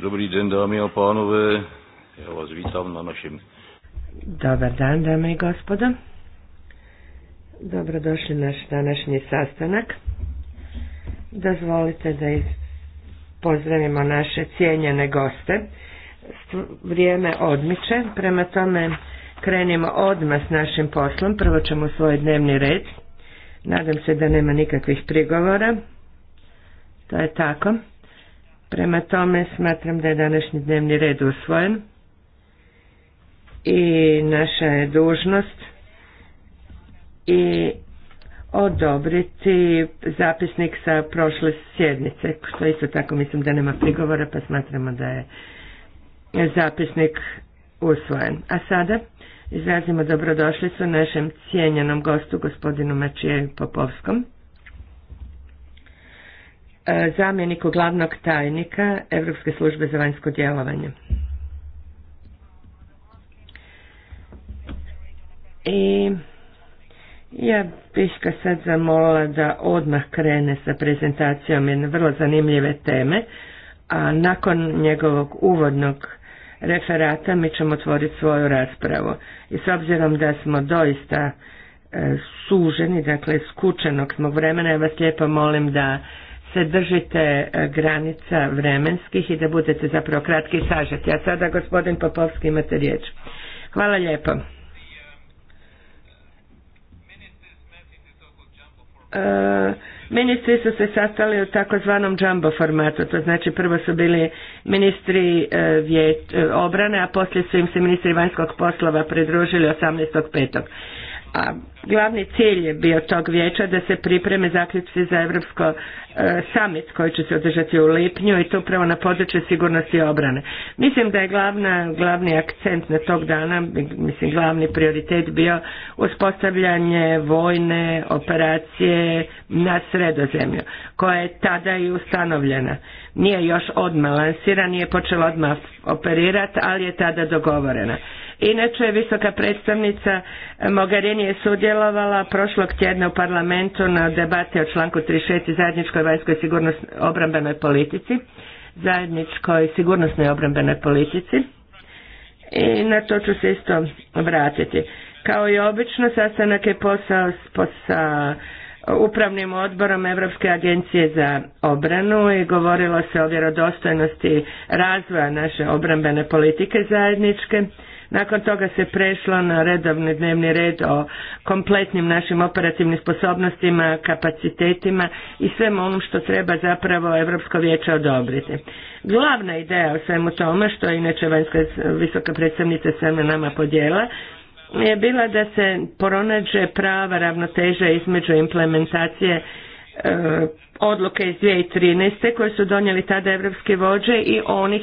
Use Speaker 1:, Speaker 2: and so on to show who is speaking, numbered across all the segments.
Speaker 1: Dobrý den, dámy a pánové. na našem...
Speaker 2: Dobar dan, dame i gospodo. Dobrodošli na naš današnji sastanak. Dozvolite da pozdravimo naše cijenjene goste. Vrijeme odmiče, prema tome krenimo odmah s našim poslom. Prvo ćemo svoj dnevni red. Nadam se da nema nikakvih prigovora. To je tako. Prema tome smatram da je današnji dnevni red usvojen i naša je dužnost i odobriti zapisnik sa prošle sjednice, što isto tako mislim da nema prigovora pa smatramo da je zapisnik usvojen. A sada izrazimo dobrodošlicu našem cijenjenom gostu gospodinu Mačijeju Popovskom. E, zamjeniku glavnog tajnika Europske službe za vanjsko djelovanje. I ja bih ga sad zamolila da odmah krene sa prezentacijom jedne vrlo zanimljive teme, a nakon njegovog uvodnog referata mi ćemo otvoriti svoju raspravu. I s obzirom da smo doista e, suženi, dakle skučenog smo vremena, ja vas lijepo molim da se držite e, granica vremenskih i da budete zapravo kratki sažeti. A sada gospodin Popovski imate riječ. Hvala lijepo. E, ministri su se sastali u takozvanom jumbo formatu, to znači prvo su bili ministri e, obrane, a poslije su im se ministri vanjskog poslova pridružili 18.5. A glavni cilj je bio tog vijeća da se pripreme zaključci za Europsko e, summit koji će se održati u lipnju i to upravo na području sigurnosti i obrane. Mislim da je glavna, glavni akcent na tog dana, mislim glavni prioritet bio uspostavljanje vojne operacije na sredozemlju koja je tada i ustanovljena nije još odmah lansiran, nije počela odmah operirati, ali je tada dogovorena. Inače, visoka predstavnica Mogherini je sudjelovala prošlog tjedna u parlamentu na debate o članku 36 zajedničkoj vanjskoj sigurnosnoj obrambenoj politici, zajedničkoj sigurnosnoj obrambenoj politici. I na to ću se isto vratiti. Kao i obično, sastanak je posao, posao upravnim odborom Europske agencije za obranu i govorilo se o vjerodostojnosti razvoja naše obrambene politike zajedničke. Nakon toga se prešlo na redovni dnevni red o kompletnim našim operativnim sposobnostima, kapacitetima i svemu onom što treba zapravo Europsko vijeće odobriti. Glavna ideja o svemu tome, što je inače vanjska visoka predstavnica sve nama podijela, je bila da se pronađe prava ravnoteža između implementacije e, odluke iz 2013. koje su donijeli tada evropski vođe i onih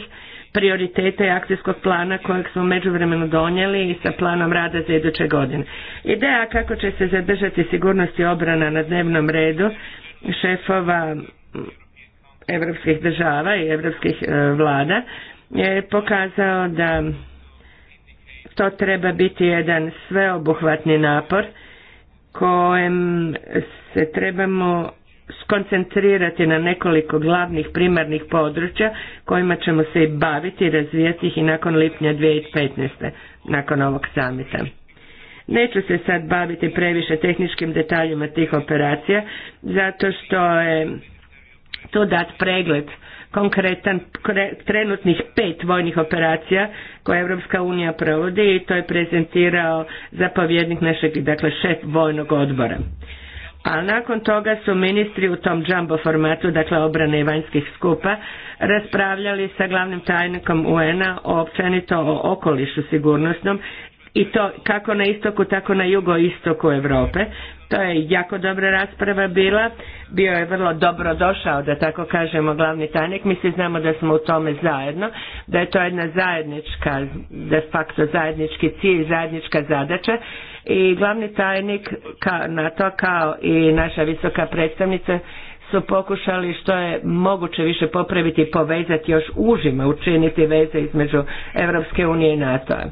Speaker 2: prioriteta i akcijskog plana kojeg smo međuvremeno donijeli i sa planom rada za iduće godine. Ideja kako će se zadržati sigurnost i obrana na dnevnom redu šefova evropskih država i evropskih e, vlada je pokazao da to treba biti jedan sveobuhvatni napor kojem se trebamo skoncentrirati na nekoliko glavnih primarnih područja kojima ćemo se i baviti i razvijati ih i nakon lipnja 2015. nakon ovog samita. Neću se sad baviti previše tehničkim detaljima tih operacija zato što je to dat pregled konkretan trenutnih pet vojnih operacija koje Europska unija provodi i to je prezentirao zapovjednik našeg, dakle šef vojnog odbora. A nakon toga su ministri u tom jumbo formatu, dakle obrane i vanjskih skupa, raspravljali sa glavnim tajnikom UN-a o općenito o okolišu sigurnosnom i to kako na istoku, tako na jugoistoku Europe, to je jako dobra rasprava bila, bio je vrlo dobro došao, da tako kažemo, glavni tajnik. Mi svi znamo da smo u tome zajedno, da je to jedna zajednička, de facto zajednički cilj, zajednička zadaća i glavni tajnik NATO kao i naša visoka predstavnica su pokušali što je moguće više popraviti i povezati još užima, učiniti veze između Europske unije i NATO-a.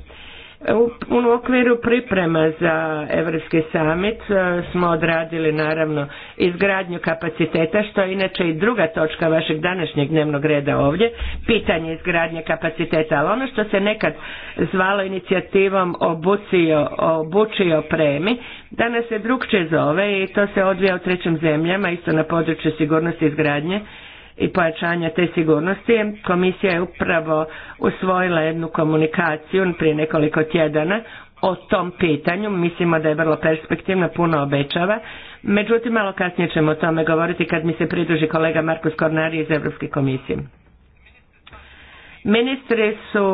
Speaker 2: U okviru priprema za Evropski summit e, smo odradili naravno izgradnju kapaciteta, što je inače i druga točka vašeg današnjeg dnevnog reda ovdje, pitanje izgradnje kapaciteta, ali ono što se nekad zvalo inicijativom obucio, o premi, danas se drugčije zove i to se odvija u trećim zemljama, isto na području sigurnosti izgradnje i pojačanja te sigurnosti. Komisija je upravo usvojila jednu komunikaciju prije nekoliko tjedana o tom pitanju. Mislimo da je vrlo perspektivna, puno obećava. Međutim, malo kasnije ćemo o tome govoriti kad mi se pridruži kolega Markus Kornari iz Europske komisije. Ministri su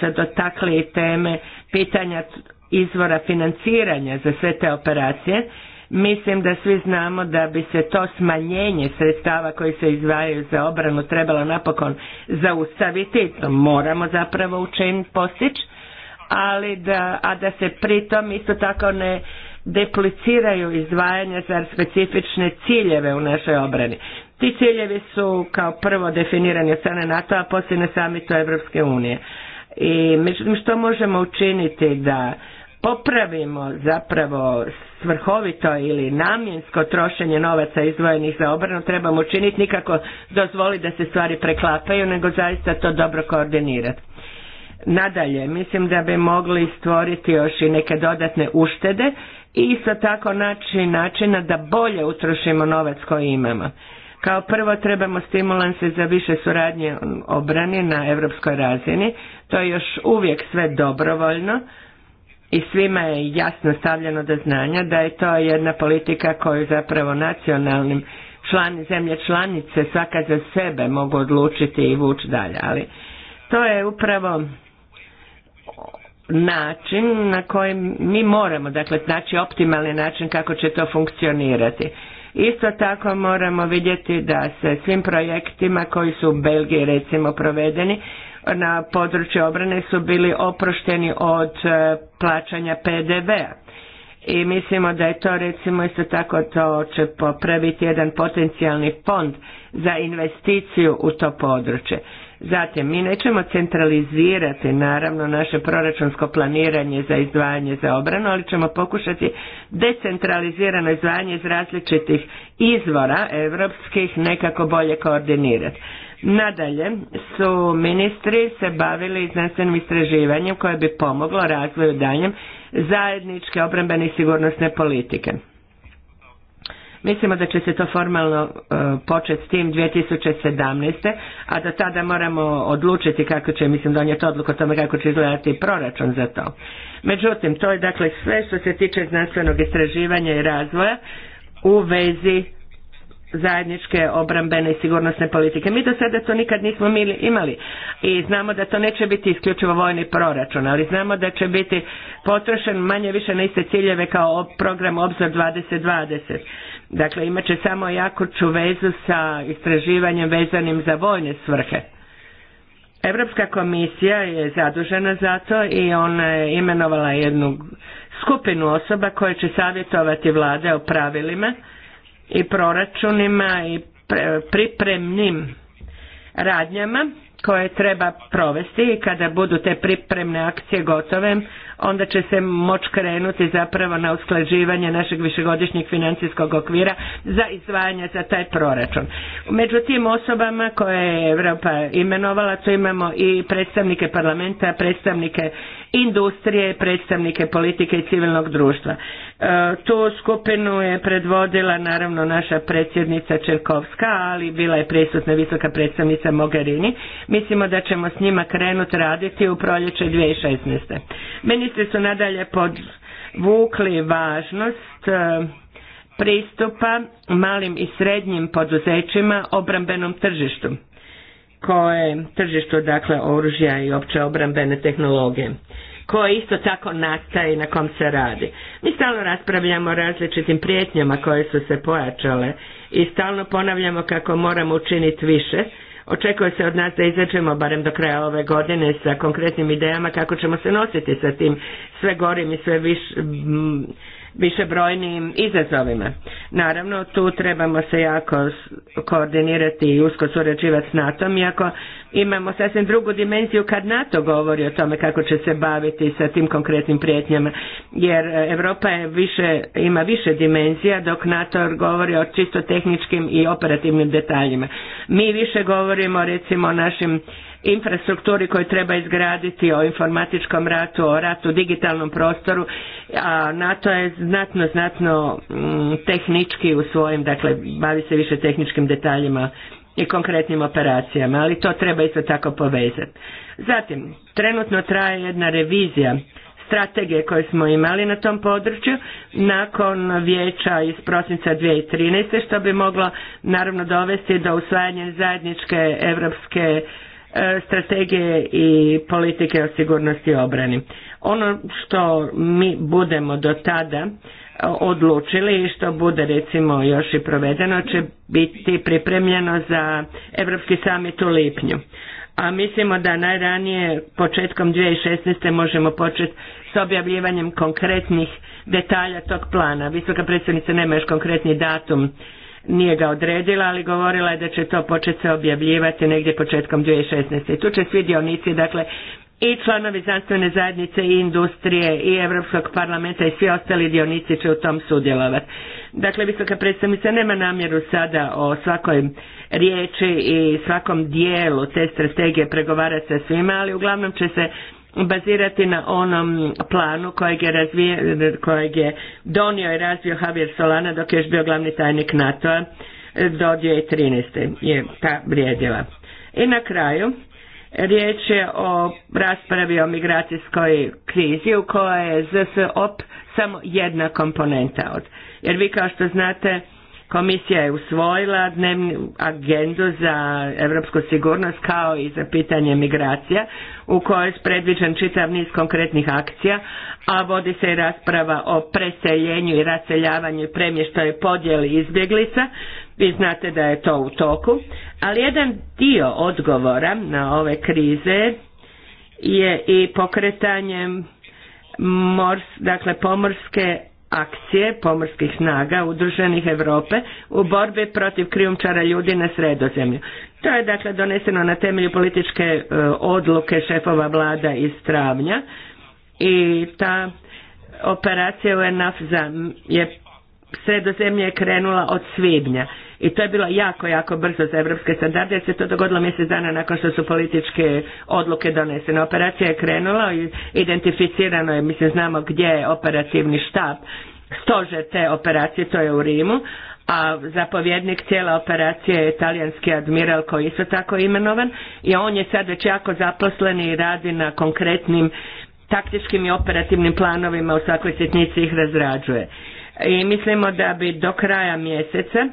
Speaker 2: se dotakli teme pitanja izvora financiranja za sve te operacije Mislim da svi znamo da bi se to smanjenje sredstava koji se izdvajaju za obranu trebalo napokon zaustaviti, to moramo zapravo učiniti postići, ali da, a da se pritom isto tako ne depliciraju izdvajanja za specifične ciljeve u našoj obrani. Ti ciljevi su kao prvo definirani od strane NATO, a poslije na samitu Europske unije. I međutim što možemo učiniti da popravimo zapravo svrhovito ili namjensko trošenje novaca izdvojenih za obranu trebamo učiniti nikako dozvoliti da se stvari preklapaju nego zaista to dobro koordinirati. Nadalje, mislim da bi mogli stvoriti još i neke dodatne uštede i isto tako naći načina da bolje utrošimo novac koji imamo. Kao prvo trebamo stimulanse za više suradnje obrani na europskoj razini, to je još uvijek sve dobrovoljno, i svima je jasno stavljeno do znanja da je to jedna politika koju zapravo nacionalnim član, zemlje članice svaka za sebe mogu odlučiti i vući dalje, ali to je upravo način na koji mi moramo, dakle naći optimalni način kako će to funkcionirati. Isto tako moramo vidjeti da se svim projektima koji su u Belgiji recimo provedeni na području obrane su bili oprošteni od e, plaćanja PDV-a. I mislimo da je to recimo isto tako to će popraviti jedan potencijalni fond za investiciju u to područje. Zatim, mi nećemo centralizirati naravno naše proračunsko planiranje za izdvajanje za obranu, ali ćemo pokušati decentralizirano izdvajanje iz različitih izvora europskih nekako bolje koordinirati. Nadalje su ministri se bavili znanstvenim istraživanjem koje bi pomoglo razvoju danjem zajedničke obrambene i sigurnosne politike. Mislimo da će se to formalno e, početi s tim 2017. a do tada moramo odlučiti kako će, mislim, donijeti odluku o tome kako će izgledati proračun za to. Međutim, to je dakle sve što se tiče znanstvenog istraživanja i razvoja u vezi zajedničke obrambene i sigurnosne politike. Mi do sada to nikad nismo imali i znamo da to neće biti isključivo vojni proračun, ali znamo da će biti potrošen manje više na iste ciljeve kao program Obzor 2020. Dakle, imat će samo jakoću vezu sa istraživanjem vezanim za vojne svrhe. Europska komisija je zadužena za to i ona je imenovala jednu skupinu osoba koje će savjetovati vlade o pravilima i proračunima i pripremnim radnjama koje treba provesti i kada budu te pripremne akcije gotove, onda će se moći krenuti zapravo na usklađivanje našeg višegodišnjeg financijskog okvira za izdvajanje za taj proračun. Među tim osobama koje je Europa imenovala, tu imamo i predstavnike parlamenta, predstavnike industrije, predstavnike politike i civilnog društva. E, tu skupinu je predvodila naravno naša predsjednica Čerkovska, ali bila je prisutna visoka predstavnica Mogherini. Mislimo da ćemo s njima krenuti raditi u proljeće 2016. Ministri su nadalje podvukli važnost e, pristupa malim i srednjim poduzećima obrambenom tržištu koje tržištu dakle oružja i opće obrambene tehnologije koji isto tako nastaje i na kom se radi. Mi stalno raspravljamo o različitim prijetnjama koje su se pojačale i stalno ponavljamo kako moramo učiniti više. Očekuje se od nas da izađemo barem do kraja ove godine sa konkretnim idejama kako ćemo se nositi sa tim sve gorim i sve više brojnim izazovima. Naravno, tu trebamo se jako koordinirati i usko surađivati s NATO-om, iako imamo sasvim drugu dimenziju kad NATO govori o tome kako će se baviti sa tim konkretnim prijetnjama, jer e, Europa je više, ima više dimenzija dok NATO govori o čisto tehničkim i operativnim detaljima. Mi više govorimo recimo o našim infrastrukturi koju treba izgraditi, o informatičkom ratu, o ratu digitalnom prostoru, a NATO je znatno, znatno mm, tehnički u svojim, dakle bavi se više tehničkim detaljima i konkretnim operacijama, ali to treba isto tako povezati. Zatim, trenutno traje jedna revizija strategije koje smo imali na tom području nakon vijeća iz prosinca 2013. što bi moglo naravno dovesti do usvajanja zajedničke europske E, strategije i politike o sigurnosti i obrani. Ono što mi budemo do tada e, odlučili i što bude recimo još i provedeno će biti pripremljeno za Europski samit u lipnju. A mislimo da najranije početkom 2016. možemo početi s objavljivanjem konkretnih detalja tog plana. Visoka predsjednica nema još konkretni datum nije ga odredila, ali govorila je da će to početi se objavljivati negdje početkom 2016. tu će svi dionici, dakle, i članovi znanstvene zajednice i industrije i Europskog parlamenta i svi ostali dionici će u tom sudjelovati. Dakle, visoka predstavnica nema namjeru sada o svakoj riječi i svakom dijelu te strategije pregovarati sa svima, ali uglavnom će se bazirati na onom planu kojeg je, kojeg je donio i razvio Javier Solana dok je još bio glavni tajnik NATO-a do 2013. je ta vrijedila. I na kraju, riječ je o raspravi o migracijskoj krizi u kojoj je ZSOP samo jedna komponenta od. Jer vi kao što znate, Komisija je usvojila dnevnu agendu za europsku sigurnost kao i za pitanje migracija u kojoj je predviđen čitav niz konkretnih akcija, a vodi se i rasprava o preseljenju i raseljavanju i premještaju podjeli izbjeglica. Vi znate da je to u toku, ali jedan dio odgovora na ove krize je i pokretanjem dakle pomorske akcije pomorskih snaga udruženih Europe u borbi protiv krijumčara ljudi na sredozemlju. To je dakle doneseno na temelju političke e, odluke šefova vlada iz travnja i ta operacija UNAF je sredozemlje je krenula od svibnja i to je bilo jako, jako brzo za evropske standarde jer se to dogodilo mjesec dana nakon što su političke odluke donesene. Operacija je krenula, identificirano je, mislim znamo gdje je operativni štab, stože te operacije, to je u Rimu, a zapovjednik cijela operacije je talijanski admiral koji je isto tako imenovan i on je sad već jako zaposlen i radi na konkretnim taktičkim i operativnim planovima u svakoj sitnici ih razrađuje i mislimo da bi do kraja mjeseca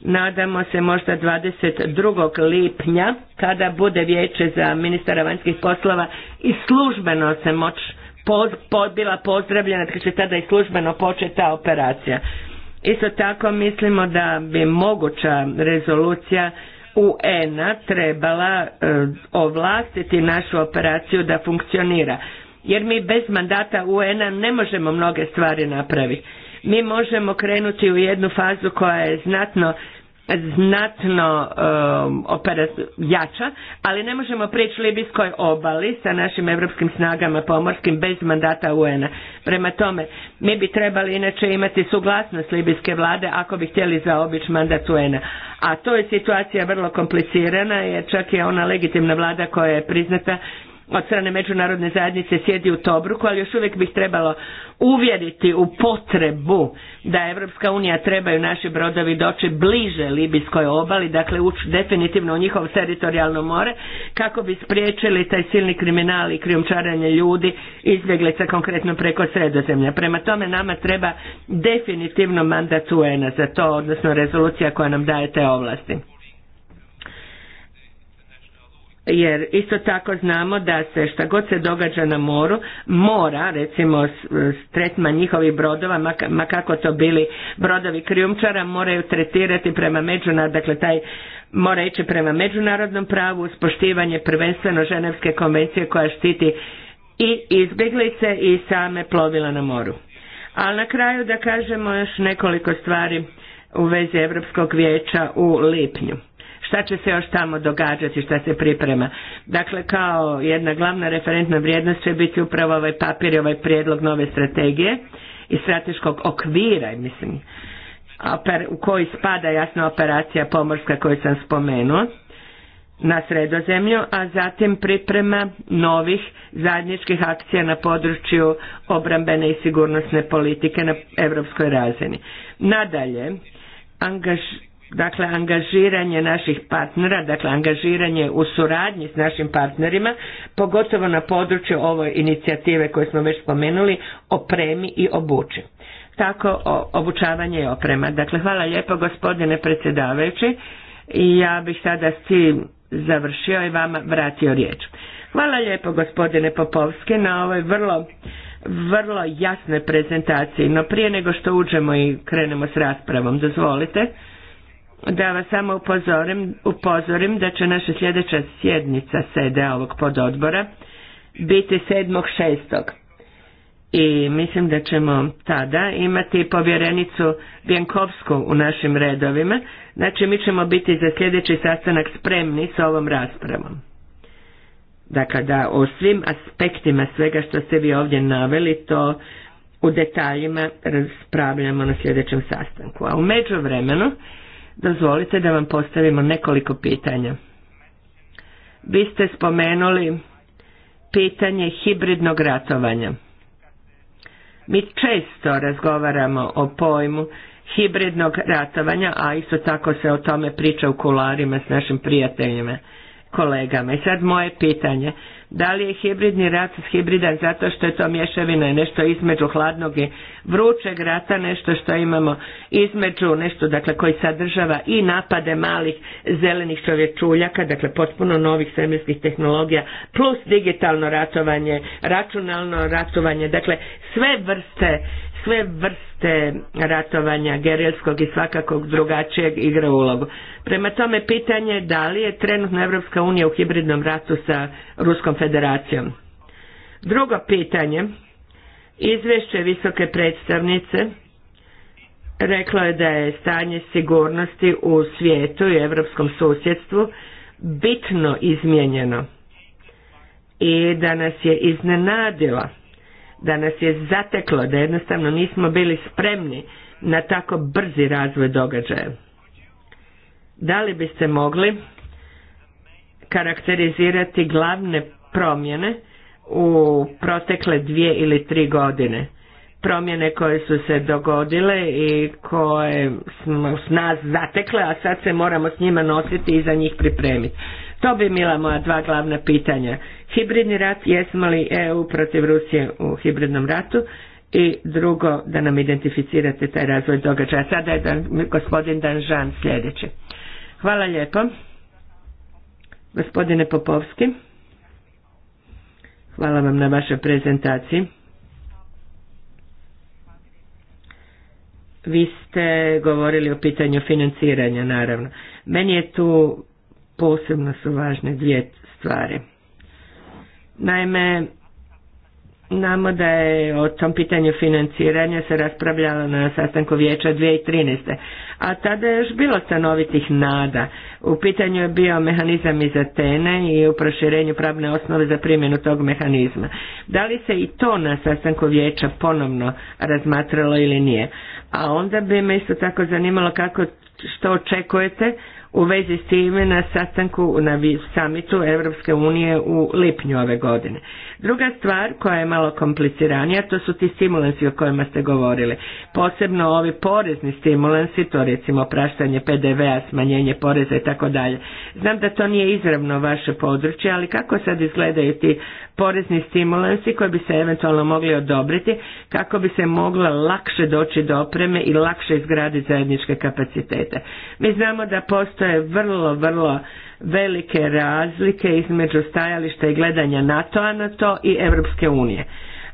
Speaker 2: nadamo se možda 22. lipnja kada bude vijeće za ministara vanjskih poslova i službeno se moć pod, bila pozdravljena kad će tada i službeno početi ta operacija. Isto tako mislimo da bi moguća rezolucija UN-a trebala e, ovlastiti našu operaciju da funkcionira. Jer mi bez mandata UN-a ne možemo mnoge stvari napraviti mi možemo krenuti u jednu fazu koja je znatno znatno um, jača, ali ne možemo prijeći Libijskoj obali sa našim europskim snagama pomorskim bez mandata UN-a. Prema tome, mi bi trebali inače imati suglasnost Libijske vlade ako bi htjeli zaobići mandat UN-a. A to je situacija vrlo komplicirana jer čak je ona legitimna vlada koja je priznata od strane međunarodne zajednice sjedi u Tobruku, ali još uvijek bih trebalo uvjeriti u potrebu da Evropska unija trebaju naši brodovi doći bliže Libijskoj obali, dakle ući definitivno u njihov teritorijalno more, kako bi spriječili taj silni kriminal i krijumčaranje ljudi, izbjeglica konkretno preko sredozemlja. Prema tome nama treba definitivno mandat UN-a za to, odnosno rezolucija koja nam daje te ovlasti jer isto tako znamo da se šta god se događa na moru mora recimo tretman njihovih brodova ma kako to bili brodovi krijumčara moraju tretirati prema međunarodnom dakle taj mora ići prema međunarodnom pravu uz poštivanje prvenstveno ženevske konvencije koja štiti i izbjeglice i same plovila na moru ali na kraju da kažemo još nekoliko stvari u vezi Europskog vijeća u lipnju šta će se još tamo događati, šta se priprema. Dakle, kao jedna glavna referentna vrijednost će biti upravo ovaj papir i ovaj prijedlog nove strategije i strateškog okvira, mislim, u koji spada jasna operacija pomorska koju sam spomenuo na sredozemlju, a zatim priprema novih zajedničkih akcija na području obrambene i sigurnosne politike na europskoj razini. Nadalje, angaž, dakle angažiranje naših partnera, dakle angažiranje u suradnji s našim partnerima, pogotovo na području ove inicijative koje smo već spomenuli, opremi i obuči. Tako obučavanje i oprema. Dakle, hvala lijepo gospodine predsjedavajući i ja bih sada s tim završio i vama vratio riječ. Hvala lijepo gospodine Popovski na ovoj vrlo vrlo jasne prezentaciji, no prije nego što uđemo i krenemo s raspravom, dozvolite da vas samo upozorim, upozorim da će naša sljedeća sjednica sede ovog pododbora biti 7.6. I mislim da ćemo tada imati povjerenicu Bjenkovsku u našim redovima. Znači mi ćemo biti za sljedeći sastanak spremni s ovom raspravom. Dakle, da o svim aspektima svega što ste vi ovdje naveli, to u detaljima raspravljamo na sljedećem sastanku. A u međuvremenu, dozvolite da vam postavimo nekoliko pitanja. Vi ste spomenuli pitanje hibridnog ratovanja. Mi često razgovaramo o pojmu hibridnog ratovanja, a isto tako se o tome priča u kularima s našim prijateljima, kolegama. I sad moje pitanje, da li je hibridni rat hibridan zato što je to mješavina i nešto između hladnog i vrućeg rata, nešto što imamo između, nešto dakle koji sadržava i napade malih zelenih čovječuljaka, dakle potpuno novih svemirskih tehnologija, plus digitalno ratovanje, računalno ratovanje, dakle sve vrste sve vrste ratovanja gerilskog i svakakog drugačijeg igra ulogu. Prema tome pitanje da li je trenutno Evropska unija u hibridnom ratu sa Ruskom federacijom. Drugo pitanje, izvješće visoke predstavnice reklo je da je stanje sigurnosti u svijetu i europskom susjedstvu bitno izmijenjeno i da nas je iznenadila da nas je zateklo, da jednostavno nismo bili spremni na tako brzi razvoj događaja. Da li biste mogli karakterizirati glavne promjene u protekle dvije ili tri godine? promjene koje su se dogodile i koje smo s nas zatekle, a sad se moramo s njima nositi i za njih pripremiti. To bi bila moja dva glavna pitanja. Hibridni rat, jesmo li EU protiv Rusije u hibridnom ratu i drugo, da nam identificirate taj razvoj događaja. Sada je dan, gospodin Danžan sljedeći. Hvala lijepo. Gospodine Popovski, hvala vam na vašoj prezentaciji. Vi ste govorili o pitanju financiranja, naravno. Meni je tu posebno su važne dvije stvari. Naime, Znamo da je o tom pitanju financiranja se raspravljalo na sastanku vijeća 2013. A tada je još bilo stanovitih nada. U pitanju je bio mehanizam iz Atene i u proširenju pravne osnove za primjenu tog mehanizma. Da li se i to na sastanku vijeća ponovno razmatralo ili nije? A onda bi me isto tako zanimalo kako, što očekujete u vezi s time na sastanku na samitu Europske unije u lipnju ove godine. Druga stvar koja je malo kompliciranija, to su ti stimulansi o kojima ste govorili. Posebno ovi porezni stimulansi, to recimo praštanje PDV-a, smanjenje poreza i tako dalje. Znam da to nije izravno vaše područje, ali kako sad izgledaju ti porezni stimulansi koji bi se eventualno mogli odobriti kako bi se mogla lakše doći do opreme i lakše izgraditi zajedničke kapacitete. Mi znamo da postoje vrlo, vrlo velike razlike između stajališta i gledanja NATO-a na to i Europske unije.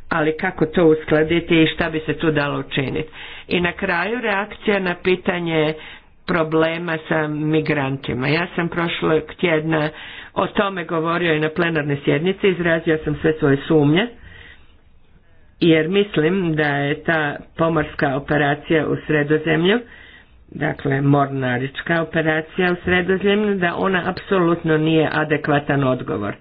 Speaker 2: Ali kako to uskladiti i šta bi se tu dalo učiniti? I na kraju reakcija na pitanje problema sa migrantima. Ja sam prošlog tjedna o tome govorio i na plenarnoj sjednici, izrazio sam sve svoje sumnje, jer mislim da je ta pomorska operacija u sredozemlju dakle mornarička operacija u sredozemlju, da ona apsolutno nije adekvatan odgovor.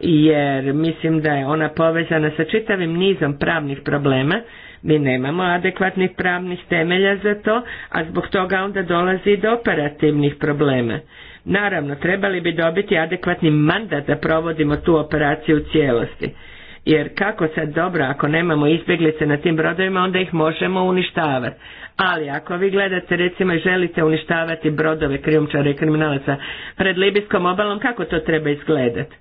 Speaker 2: Jer mislim da je ona povezana sa čitavim nizom pravnih problema, mi nemamo adekvatnih pravnih temelja za to, a zbog toga onda dolazi i do operativnih problema. Naravno, trebali bi dobiti adekvatni mandat da provodimo tu operaciju u cijelosti. Jer kako sad dobro, ako nemamo izbjeglice na tim brodovima, onda ih možemo uništavati. Ali ako vi gledate recimo i želite uništavati brodove krijumčara i kriminalaca pred Libijskom obalom, kako to treba izgledati?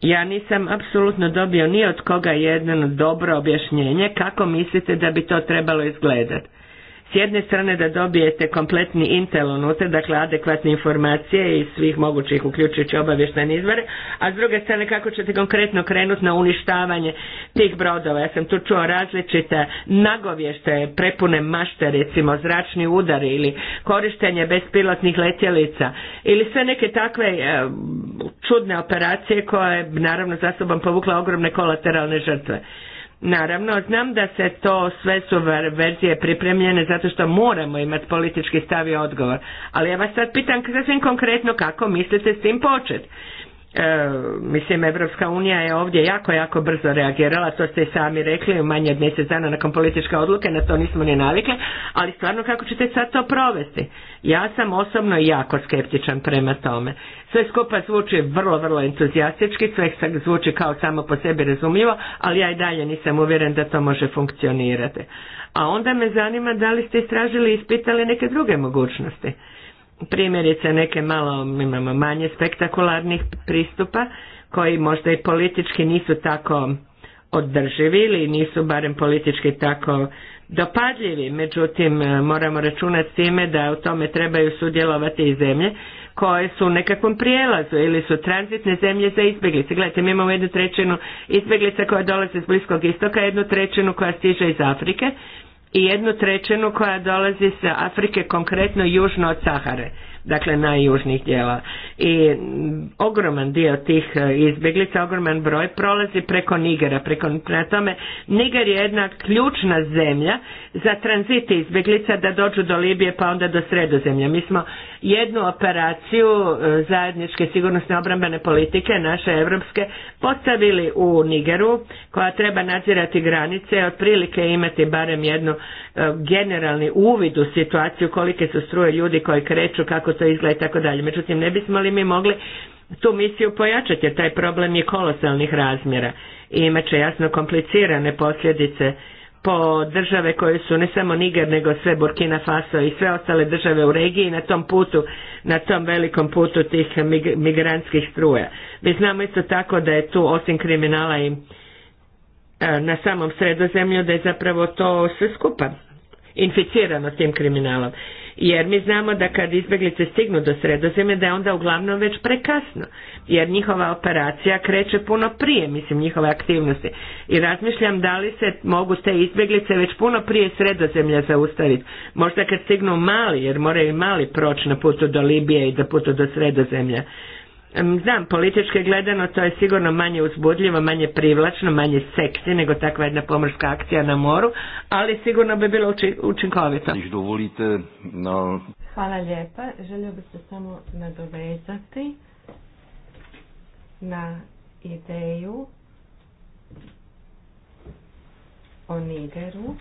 Speaker 2: Ja nisam apsolutno dobio ni od koga jedno dobro objašnjenje kako mislite da bi to trebalo izgledati s jedne strane da dobijete kompletni intel unutra, dakle adekvatne informacije i svih mogućih uključujući obavještajne izvore, a s druge strane kako ćete konkretno krenuti na uništavanje tih brodova. Ja sam tu čuo različite nagovještaje, prepune mašte recimo, zračni udari ili korištenje bespilotnih letjelica ili sve neke takve e, čudne operacije koje naravno za sobom povukla ogromne kolateralne žrtve. Naravno, znam da se to sve su verzije pripremljene zato što moramo imati politički stav i odgovor, ali ja vas sad pitam sasvim konkretno kako mislite s tim početi. E, mislim, Evropska unija je ovdje jako, jako brzo reagirala, to ste i sami rekli, manje od mjesec dana nakon političke odluke, na to nismo ni navikli, ali stvarno kako ćete sad to provesti? Ja sam osobno jako skeptičan prema tome. Sve skupa zvuči vrlo, vrlo entuzijastički, sve zvuči kao samo po sebi razumljivo, ali ja i dalje nisam uvjeren da to može funkcionirati. A onda me zanima da li ste istražili i ispitali neke druge mogućnosti primjerice neke malo imamo manje spektakularnih pristupa koji možda i politički nisu tako održivi ili nisu barem politički tako dopadljivi, međutim e, moramo računati s time da u tome trebaju sudjelovati i zemlje koje su u nekakvom prijelazu ili su tranzitne zemlje za izbjeglice. Gledajte, mi imamo jednu trećinu izbjeglica koja dolaze iz Bliskog istoka, jednu trećinu koja stiže iz Afrike i jednu trećinu koja dolazi sa Afrike, konkretno južno od Sahare dakle najjužnijih dijela. I ogroman dio tih e, izbjeglica, ogroman broj prolazi preko Nigera, preko na tome Niger je jedna ključna zemlja za tranzit izbjeglica da dođu do Libije pa onda do Sredozemlja. Mi smo jednu operaciju e, zajedničke sigurnosne obrambene politike naše evropske postavili u Nigeru koja treba nadzirati granice, otprilike imati barem jednu e, generalni uvid u situaciju kolike su struje ljudi koji kreću, kako to izgleda i tako dalje. Međutim, ne bismo li mi mogli tu misiju pojačati jer taj problem je kolosalnih razmjera i imat će jasno komplicirane posljedice po države koje su ne samo Niger nego sve Burkina Faso i sve ostale države u regiji na tom putu, na tom velikom putu tih migrantskih struja. Mi znamo isto tako da je tu osim kriminala i e, na samom sredozemlju da je zapravo to sve skupa inficirano tim kriminalom jer mi znamo da kad izbjeglice stignu do sredozemlja da je onda uglavnom već prekasno jer njihova operacija kreće puno prije mislim njihove aktivnosti i razmišljam da li se mogu te izbjeglice već puno prije sredozemlja zaustaviti možda kad stignu mali jer moraju mali proći na putu do Libije i da putu do sredozemlja Znam, politički gledano to je sigurno manje uzbudljivo, manje privlačno, manje seksi nego takva jedna pomorska akcija na moru, ali sigurno bi bilo učinkovito. Dovolite, no.
Speaker 3: Hvala lijepa. Želio bih se samo nadovezati na ideju o Nigeru.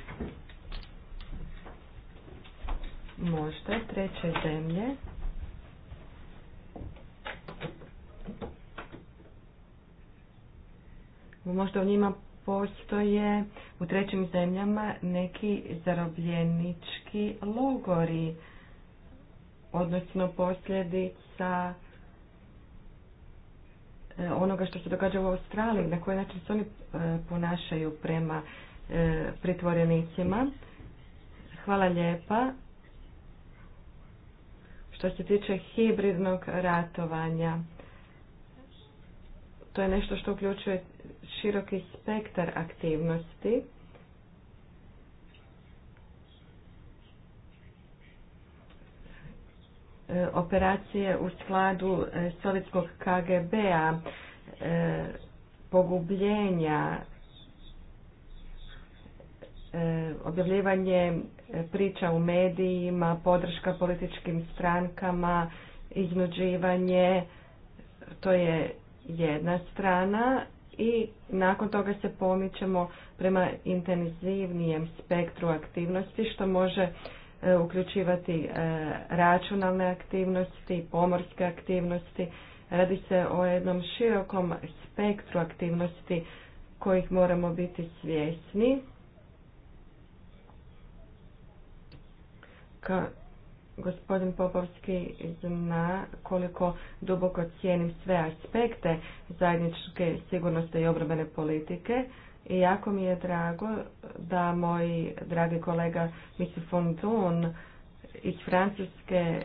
Speaker 3: Možda treće zemlje Možda u njima postoje u trećim zemljama neki zarobljenički logori, odnosno posljedica e, onoga što se događa u Australiji, na koji način se oni e, ponašaju prema e, pritvorenicima. Hvala lijepa. Što se tiče hibridnog ratovanja, to je nešto što uključuje široki spektar aktivnosti. E, operacije u skladu e, sovjetskog KGB-a, e, pogubljenja, objavljivanje priča u medijima, podrška političkim strankama, iznuđivanje, to je jedna strana i nakon toga se pomičemo prema intenzivnijem spektru aktivnosti što može e, uključivati e, računalne aktivnosti, pomorske aktivnosti. Radi se o jednom širokom spektru aktivnosti kojih moramo biti svjesni. Gospodin Popovski zna koliko duboko cijenim sve aspekte zajedničke sigurnosti i obrambene politike i jako mi je drago da moj dragi kolega Michel Fontun iz Francuske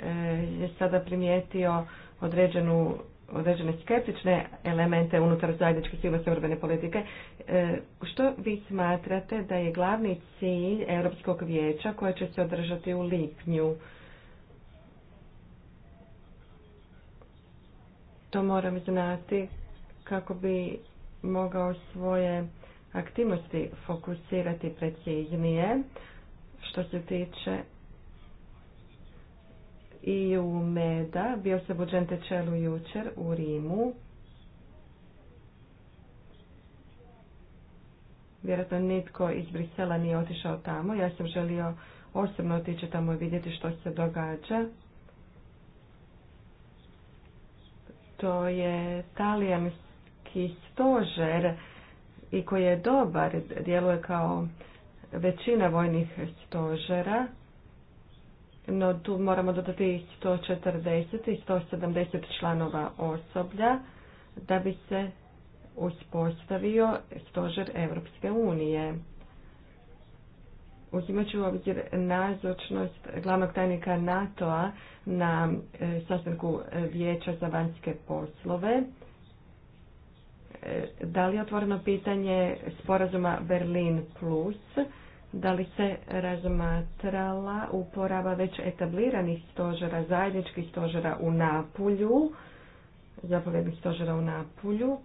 Speaker 3: eh, je sada primijetio određenu određene skeptične elemente unutar zajedničke sigurnosti obrambene politike. E, što vi smatrate da je glavni cilj Europskog vijeća koje će se održati u lipnju? To moram znati kako bi mogao svoje aktivnosti fokusirati preciznije što se tiče i u Meda. Bio se u tečelu jučer u Rimu. Vjerojatno nitko iz Brisela nije otišao tamo. Ja sam želio osobno otići tamo i vidjeti što se događa. To je talijanski stožer i koji je dobar, djeluje kao većina vojnih stožera no tu moramo dodati 140 i 170 članova osoblja da bi se uspostavio stožer Europske unije. ću u obzir nazočnost glavnog tajnika NATO-a na e, sastanku e, Vijeća za vanjske poslove, e, da li je otvoreno pitanje sporazuma Berlin Plus, da li se razmatrala uporaba već etabliranih stožera, zajedničkih stožera u Napulju, zapovjednih stožera u Napulju.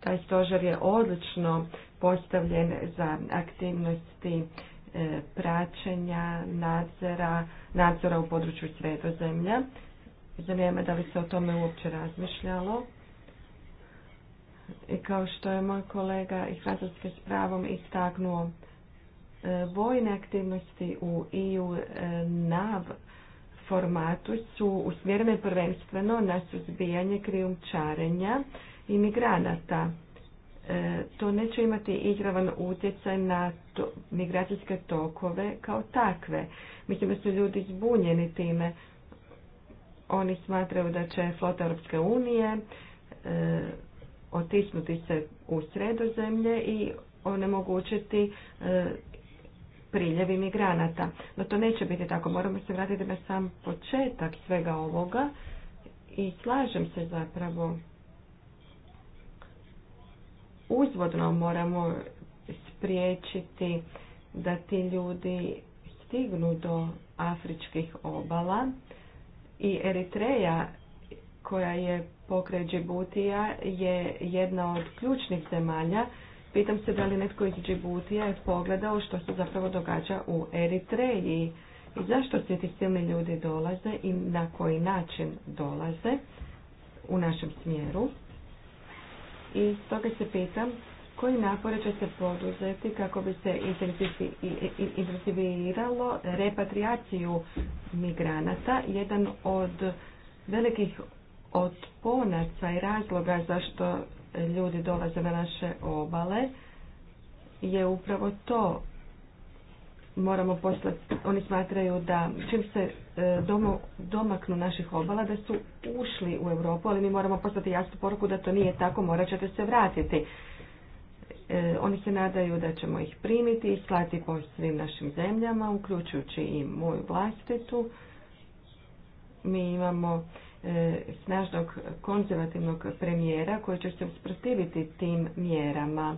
Speaker 3: Taj stožer je odlično postavljen za aktivnosti e, praćenja, nadzora, nadzora u području sredozemlja. Zanima da li se o tome uopće razmišljalo. I kao što je moj kolega iz Hrvatske s pravom istaknuo, E, vojne aktivnosti u EU e, NAV formatu su usmjerene prvenstveno na suzbijanje krijumčarenja imigranata. E, to neće imati izravan utjecaj na migracijske tokove kao takve. Mislim da su ljudi zbunjeni time. Oni smatraju da će flota Europske unije otisnuti se u sredozemlje i onemogućiti priljevi migranata. No to neće biti tako, moramo se vratiti na sam početak svega ovoga i slažem se zapravo uzvodno moramo spriječiti da ti ljudi stignu do afričkih obala i Eritreja koja je pokraj Butija je jedna od ključnih zemalja Pitam se da li netko iz Džibutija je pogledao što se zapravo događa u Eritreji i zašto se ti silni ljudi dolaze i na koji način dolaze u našem smjeru. I stoga se pitam koji napore će se poduzeti kako bi se intenziviralo repatriaciju migranata. Jedan od velikih otponaca i razloga zašto ljudi dolaze na naše obale je upravo to moramo poslati, oni smatraju da čim se e, domo, domaknu naših obala da su ušli u Europu, ali mi moramo poslati jasnu poruku da to nije tako, morat ćete se vratiti. E, oni se nadaju da ćemo ih primiti i slati po svim našim zemljama, uključujući i moju vlastitu. Mi imamo E, snažnog konzervativnog premijera koji će se usprotiviti tim mjerama.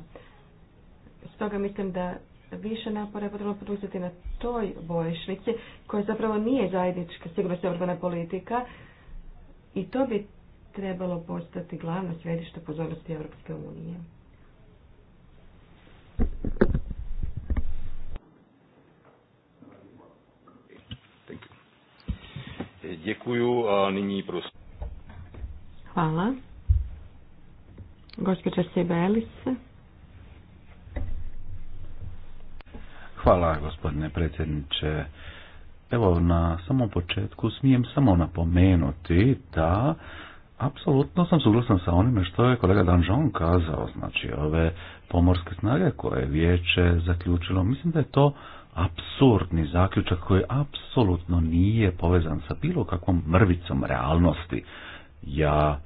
Speaker 3: Stoga mislim da više napora je potrebno poduzeti na toj bojišnici koja zapravo nije zajednička sigurnosna urbana politika i to bi trebalo postati glavno središte pozornosti Europske unije.
Speaker 1: Děkuju a nyní prosím.
Speaker 3: Hvala. Gospođa
Speaker 1: Hvala gospodine predsjedniče. Evo na samom početku smijem samo napomenuti da apsolutno sam suglasan sa onime što je kolega Danžon kazao, znači ove pomorske snage koje je vijeće zaključilo. Mislim da je to apsurdni zaključak koji apsolutno nije povezan sa bilo kakvom mrvicom realnosti. Ja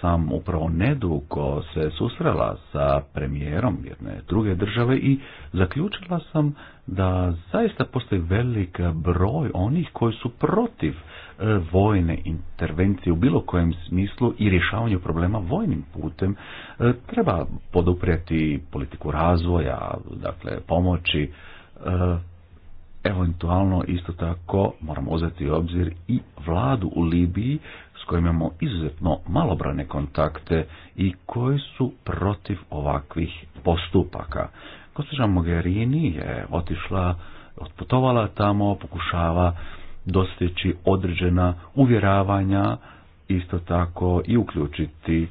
Speaker 1: sam upravo nedugo se susrela sa premijerom jedne druge države i zaključila sam da zaista postoji velik broj onih koji su protiv vojne intervencije u bilo kojem smislu i rješavanju problema vojnim putem e, treba poduprijeti politiku razvoja, dakle pomoći e, eventualno isto tako moramo uzeti u obzir i vladu u Libiji s kojom imamo izuzetno malobrane kontakte i koji su protiv ovakvih postupaka. Gospođa Mogherini je otišla, otputovala tamo, pokušava dostići određena uvjeravanja, isto tako i uključiti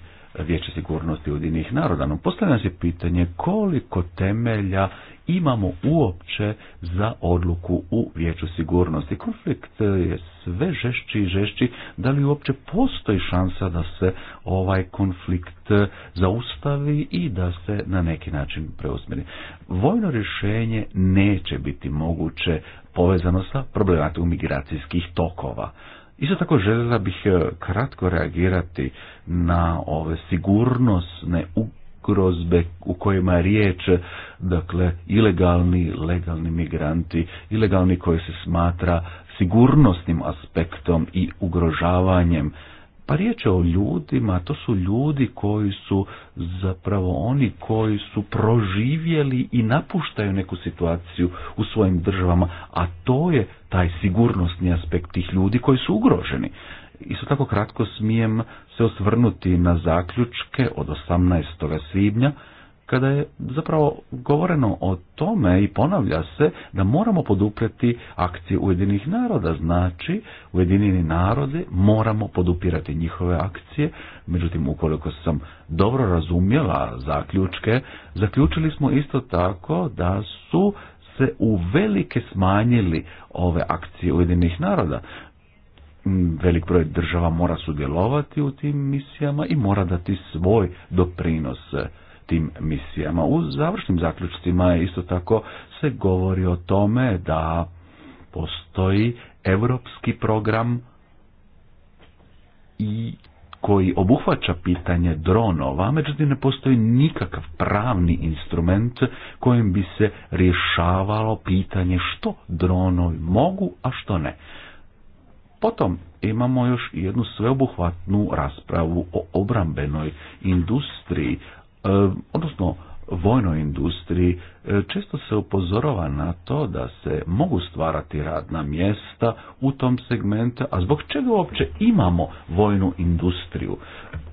Speaker 1: Vijeće sigurnosti Ujedinjenih naroda. No, postavlja se pitanje koliko temelja imamo uopće za odluku u Vijeću sigurnosti. Konflikt je sve žešći i žešći. Da li uopće postoji šansa da se ovaj konflikt zaustavi i da se na neki način preusmjeri? Vojno rješenje neće biti moguće povezano sa problematikom migracijskih tokova. Isto tako željela bih e, kratko reagirati na ove sigurnosne ugrozbe u kojima je riječ, dakle, ilegalni, legalni migranti, ilegalni koji se smatra sigurnosnim aspektom i ugrožavanjem pa riječ je o ljudima, to su ljudi koji su zapravo oni koji su proživjeli i napuštaju neku situaciju u svojim državama, a to je taj sigurnosni aspekt tih ljudi koji su ugroženi. Isto tako kratko smijem se osvrnuti na zaključke od 18. svibnja kada je zapravo govoreno o tome i ponavlja se da moramo podupreti akcije Ujedinih naroda, znači Ujedinjeni narodi moramo podupirati njihove akcije, međutim ukoliko sam dobro razumjela zaključke, zaključili smo isto tako da su se u velike smanjili ove akcije Ujedinih naroda velik broj država mora sudjelovati u tim misijama i mora dati svoj doprinos tim misijama. U završnim zaključcima isto tako se govori o tome da postoji europski program i koji obuhvaća pitanje dronova, međutim ne postoji nikakav pravni instrument kojim bi se rješavalo pitanje što dronovi mogu, a što ne. Potom imamo još jednu sveobuhvatnu raspravu o obrambenoj industriji, E, odnosno vojnoj industriji e, često se upozorava na to da se mogu stvarati radna mjesta u tom segmentu, a zbog čega uopće imamo vojnu industriju?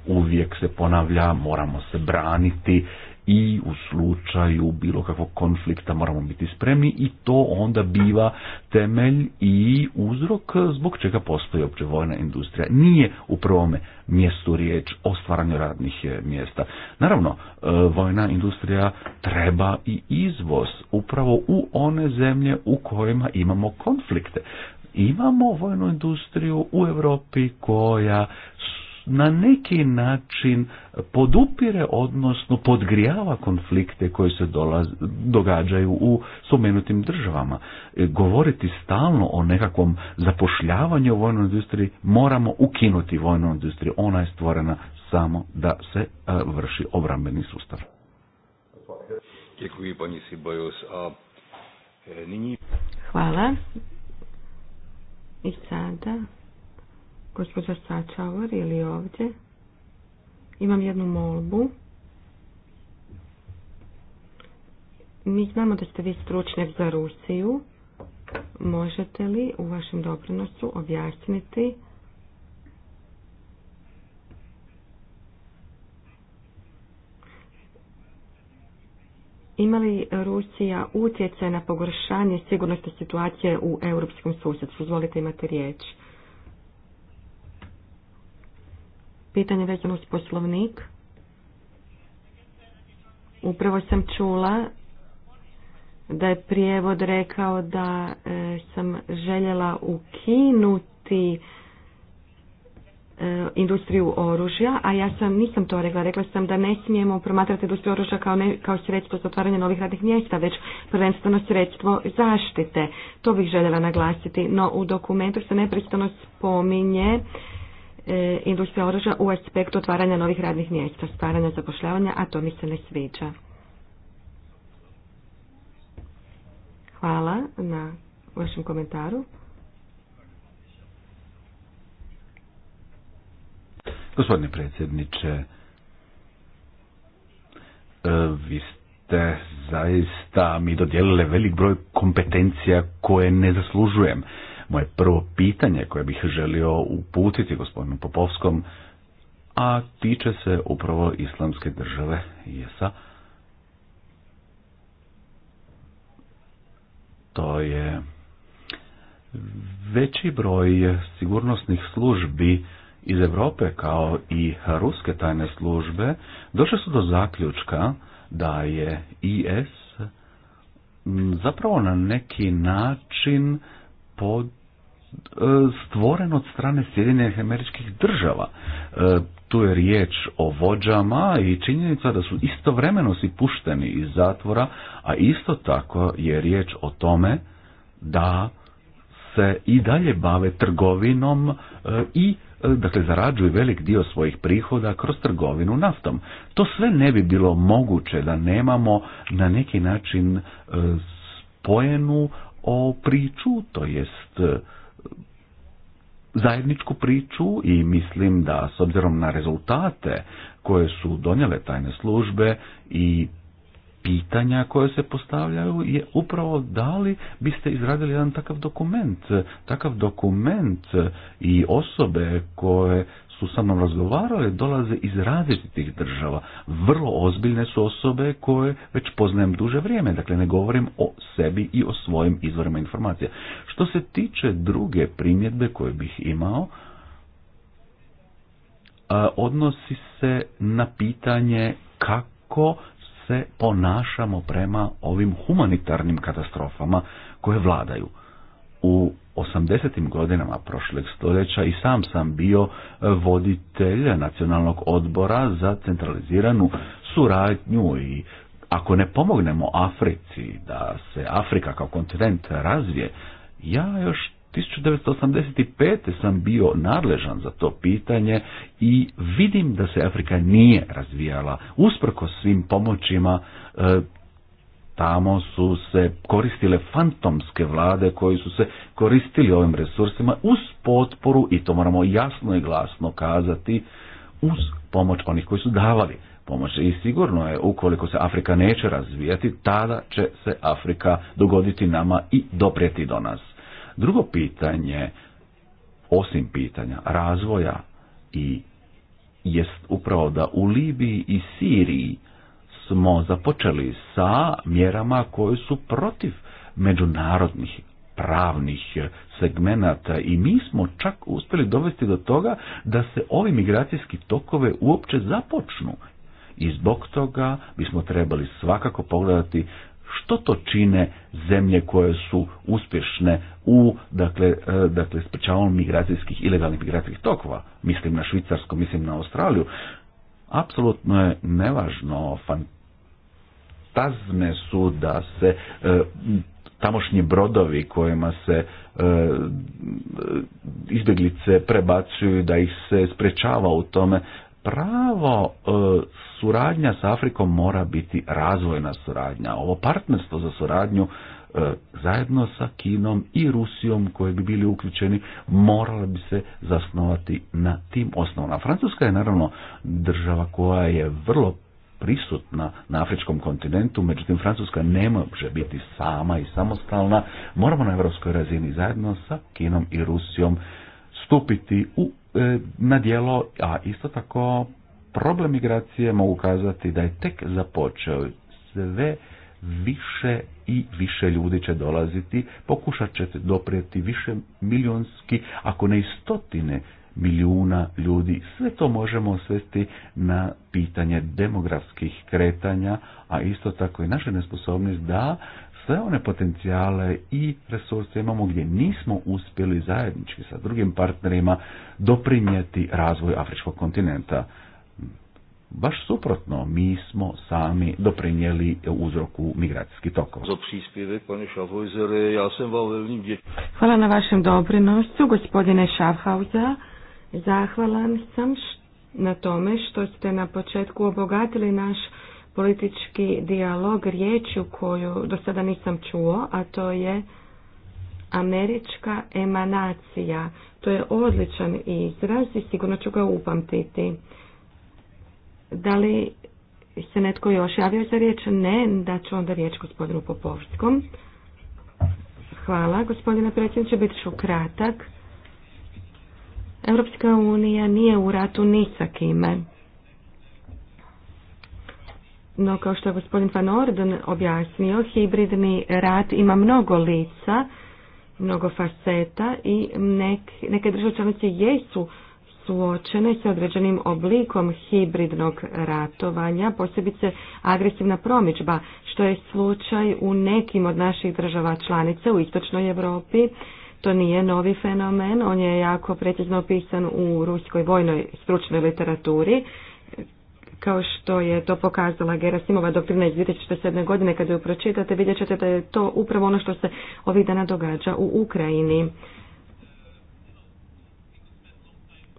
Speaker 1: Uvijek se ponavlja, moramo se braniti i u slučaju bilo kakvog konflikta moramo biti spremni i to onda biva temelj i uzrok zbog čega postoji opće vojna industrija. Nije u prvome mjestu riječ o stvaranju radnih eh, mjesta. Naravno, eh, vojna industrija treba i izvoz upravo u one zemlje u kojima imamo konflikte. Imamo vojnu industriju u Europi koja na neki način podupire, odnosno podgrijava konflikte koji se dolaz, događaju u spomenutim državama. E, govoriti stalno o nekakvom zapošljavanju u vojnoj industriji moramo ukinuti vojnu industriju. Ona je stvorena samo da se e, vrši obrambeni sustav. E,
Speaker 3: Hvala. I sada Gospođa Sačavar ili ovdje? Imam jednu molbu. Mi znamo da ste vi stručnjak za Rusiju. Možete li u vašem doprinosu objasniti Ima li Rusija utjecaj na pogoršanje sigurnosti situacije u europskom susjedstvu? zvolite imati riječ. pitanje vezano uz poslovnik. Upravo sam čula da je prijevod rekao da e, sam željela ukinuti e, industriju oružja, a ja sam nisam to rekla. Rekla sam da ne smijemo promatrati industriju oružja kao, ne, kao sredstvo za otvaranje novih radnih mjesta, već prvenstveno sredstvo zaštite. To bih željela naglasiti, no u dokumentu se neprestano spominje E, industrija oružja u aspektu otvaranja novih radnih mjesta, stvaranja zapošljavanja, a to mi se ne sviđa. Hvala na vašem komentaru.
Speaker 1: Gospodine predsjedniče, e, vi ste zaista mi dodijelile velik broj kompetencija koje ne zaslužujem. Moje prvo pitanje koje bih želio uputiti gospodinu Popovskom, a tiče se upravo islamske države ISA. To je veći broj sigurnosnih službi iz Europe kao i ruske tajne službe došli su do zaključka da je IS zapravo na neki način pod e, stvoren od strane Sjedinjenih američkih država. E, tu je riječ o vođama i činjenica da su istovremeno si pušteni iz zatvora, a isto tako je riječ o tome da se i dalje bave trgovinom e, i dakle zarađuju velik dio svojih prihoda kroz trgovinu naftom. To sve ne bi bilo moguće da nemamo na neki način spojenu o priču, to jest e, zajedničku priču i mislim da s obzirom na rezultate koje su donijele tajne službe i pitanja koje se postavljaju je upravo da li biste izradili jedan takav dokument. Takav dokument i osobe koje su sa mnom razgovarale dolaze iz različitih država. Vrlo ozbiljne su osobe koje već poznajem duže vrijeme, dakle ne govorim o sebi i o svojim izvorima informacija. Što se tiče druge primjedbe koje bih imao, odnosi se na pitanje kako se ponašamo prema ovim humanitarnim katastrofama koje vladaju u 80. godinama prošlog stoljeća i sam sam bio e, voditelj nacionalnog odbora za centraliziranu suradnju i ako ne pomognemo Africi da se Afrika kao kontinent razvije, ja još 1985. sam bio nadležan za to pitanje i vidim da se Afrika nije razvijala usprko svim pomoćima e, tamo su se koristile fantomske vlade koji su se koristili ovim resursima uz potporu, i to moramo jasno i glasno kazati, uz pomoć onih koji su davali pomoć. I sigurno je, ukoliko se Afrika neće razvijati, tada će se Afrika dogoditi nama i doprijeti do nas. Drugo pitanje, osim pitanja razvoja i jest upravo da u Libiji i Siriji smo započeli sa mjerama koje su protiv međunarodnih pravnih segmenata i mi smo čak uspjeli dovesti do toga da se ovi migracijski tokove uopće započnu. I zbog toga bismo trebali svakako pogledati što to čine zemlje koje su uspješne u dakle, e, dakle migracijskih, ilegalnih migracijskih tokova. Mislim na Švicarsku, mislim na Australiju. Apsolutno je nevažno, fantastično kazne su da se e, tamošnji brodovi kojima se e, izbjeglice prebacuju, da ih se sprečava u tome. Pravo e, suradnja s Afrikom mora biti razvojna suradnja. Ovo partnerstvo za suradnju zajedno sa Kinom i Rusijom koji bi bili uključeni morala bi se zasnovati na tim osnovama. Francuska je naravno država koja je vrlo prisutna na afričkom kontinentu, međutim Francuska ne može biti sama i samostalna. Moramo na europskoj razini zajedno sa Kinom i Rusijom stupiti u, e, na dijelo, a isto tako problem migracije mogu kazati da je tek započeo sve više i više ljudi će dolaziti, pokušat će doprijeti više milijonski, ako ne i stotine milijuna ljudi. Sve to možemo svesti na pitanje demografskih kretanja, a isto tako i naše nesposobnost da sve one potencijale i resurse imamo gdje nismo uspjeli zajednički sa drugim partnerima doprinijeti razvoju afričkog kontinenta. Baš suprotno, mi smo sami doprinijeli uzroku migracijskih tokova.
Speaker 3: Hvala na vašem doprinosu, gospodine Schaffhauser. Zahvalan sam na tome što ste na početku obogatili naš politički dijalog riječju koju do sada nisam čuo, a to je američka emanacija. To je odličan izraz i sigurno ću ga upamtiti. Da li se netko još javio za riječ? Ne, da ću onda riječ gospodinu Popovskom. Hvala, gospodine predsjedniče, bit ću kratak. Europska unija nije u ratu ni sa kime. No, kao što je gospodin Van Orden objasnio, hibridni rat ima mnogo lica, mnogo faceta i nek, neke države članice jesu suočene sa određenim oblikom hibridnog ratovanja, posebice agresivna promičba, što je slučaj u nekim od naših država članica u istočnoj Europi to nije novi fenomen, on je jako precizno opisan u ruskoj vojnoj stručnoj literaturi, kao što je to pokazala Gerasimova doktrina iz 2007. godine. Kada ju pročitate, vidjet ćete da je to upravo ono što se ovih dana događa u Ukrajini.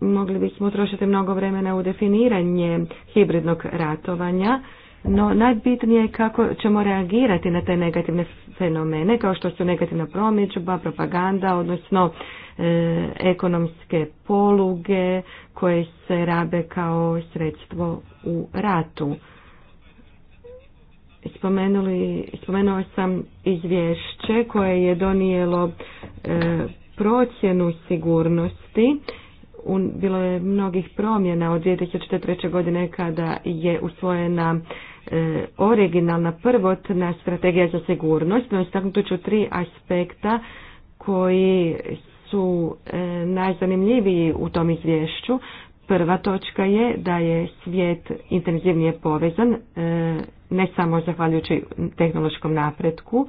Speaker 3: Mogli bismo trošiti mnogo vremena u definiranje hibridnog ratovanja, no, najbitnije je kako ćemo reagirati na te negativne fenomene, kao što su negativna promidžba, propaganda, odnosno e, ekonomske poluge koje se rabe kao sredstvo u ratu. Spomenuli, spomenuo sam izvješće koje je donijelo e, procjenu sigurnosti bilo je mnogih promjena od 2003. godine kada je usvojena E, originalna prvotna strategija za sigurnost, no ću tri aspekta koji su e, najzanimljiviji u tom izvješću. Prva točka je da je svijet intenzivnije povezan, e, ne samo zahvaljujući tehnološkom napretku,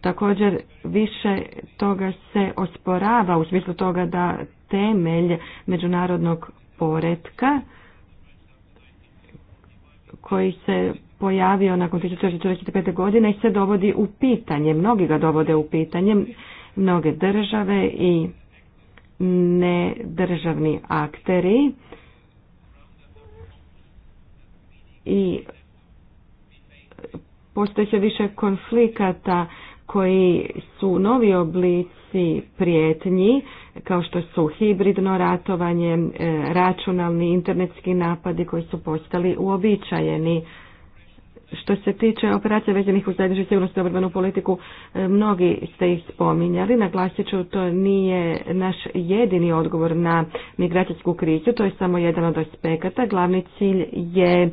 Speaker 3: također više toga se osporava u smislu toga da temelj međunarodnog poretka koji se pojavio nakon 1945. godine i se dovodi u pitanje. Mnogi ga dovode u pitanje, mnoge države i nedržavni akteri i postoje se više konflikata koji su novi oblici prijetnji, kao što su hibridno ratovanje, e, računalni internetski napadi koji su postali uobičajeni. Što se tiče operacija vezanih uz zajedničku sigurnost i obrvenu politiku, e, mnogi ste ih spominjali. Naglasit ću, to nije naš jedini odgovor na migracijsku krizu, to je samo jedan od aspekata. Glavni cilj je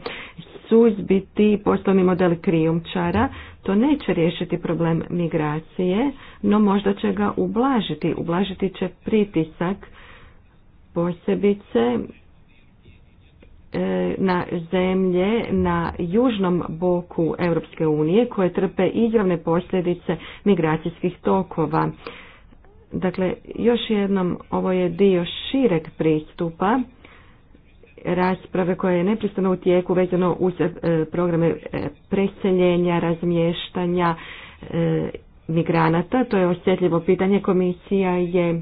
Speaker 3: suzbiti poslovni model krijumčara. To neće riješiti problem migracije, no možda će ga ublažiti. Ublažiti će pritisak posebice e, na zemlje na južnom boku Europske unije koje trpe izravne posljedice migracijskih tokova. Dakle, još jednom, ovo je dio šireg pristupa rasprave koja je nepristano u tijeku vezano uz e, programe e, preseljenja, razmještanja e, migranata. To je osjetljivo pitanje. Komisija je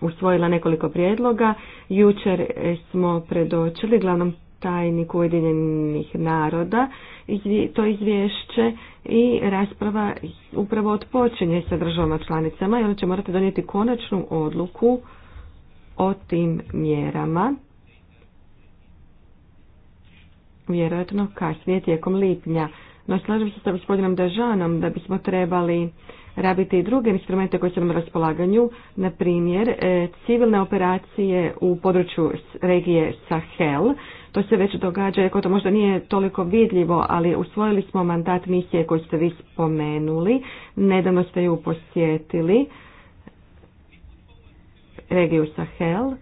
Speaker 3: usvojila nekoliko prijedloga. Jučer smo predočili glavnom tajniku Ujedinjenih naroda to izvješće i rasprava upravo počinje sa državama članicama i onda će morati donijeti konačnu odluku o tim mjerama vjerojatno kasnije tijekom lipnja. No slažem se sa gospodinom Dežanom da bismo trebali rabiti i druge instrumente koje su nam raspolaganju, na primjer e, civilne operacije u području regije Sahel. To se već događa, iako to možda nije toliko vidljivo, ali usvojili smo mandat misije koju ste vi spomenuli, nedavno ste ju posjetili, regiju Sahel.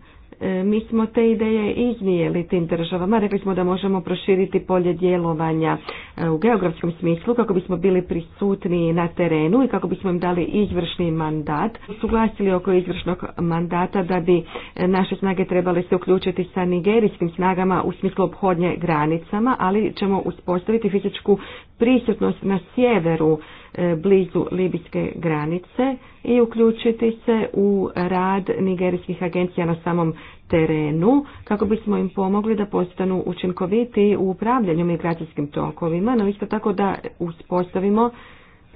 Speaker 3: E, mi smo te ideje iznijeli tim državama, rekli smo da možemo proširiti polje djelovanja e, u geografskom smislu kako bismo bili prisutni na terenu i kako bismo im dali izvršni mandat. Suglasili oko izvršnog mandata da bi e, naše snage trebale se uključiti sa nigerijskim snagama u smislu obhodnje granicama, ali ćemo uspostaviti fizičku prisutnost na sjeveru E, blizu libijske granice i uključiti se u rad nigerijskih agencija na samom terenu kako bismo im pomogli da postanu učinkoviti u upravljanju migracijskim tokovima, no isto tako da uspostavimo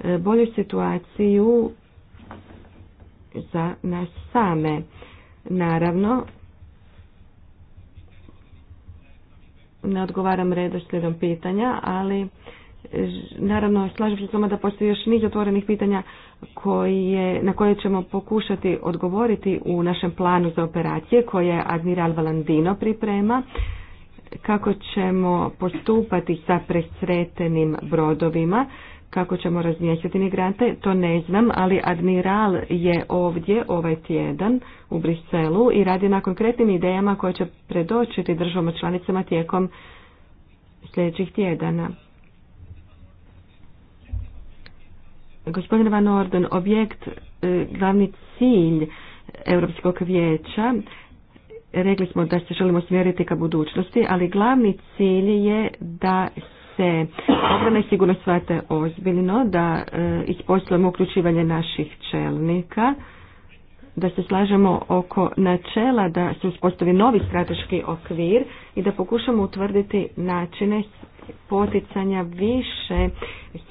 Speaker 3: e, bolju situaciju za nas same. Naravno, ne odgovaram redoslijedom pitanja, ali Naravno, slažem se s vama da postoji još niz otvorenih pitanja na koje ćemo pokušati odgovoriti u našem planu za operacije koje Admiral Valandino priprema kako ćemo postupati sa presretenim brodovima, kako ćemo razmješati migrante, to ne znam, ali admiral je ovdje ovaj tjedan u Briselu i radi na konkretnim idejama koje će predočiti državama članicama tijekom sljedećih tjedana. Gospodine Van Orden, objekt, e, glavni cilj Europskog vijeća, rekli smo da se želimo smjeriti ka budućnosti, ali glavni cilj je da se obrana i sigurnost shvate ozbiljno, da e, isposlujemo uključivanje naših čelnika, da se slažemo oko načela da se uspostavi novi strateški okvir i da pokušamo utvrditi načine poticanja više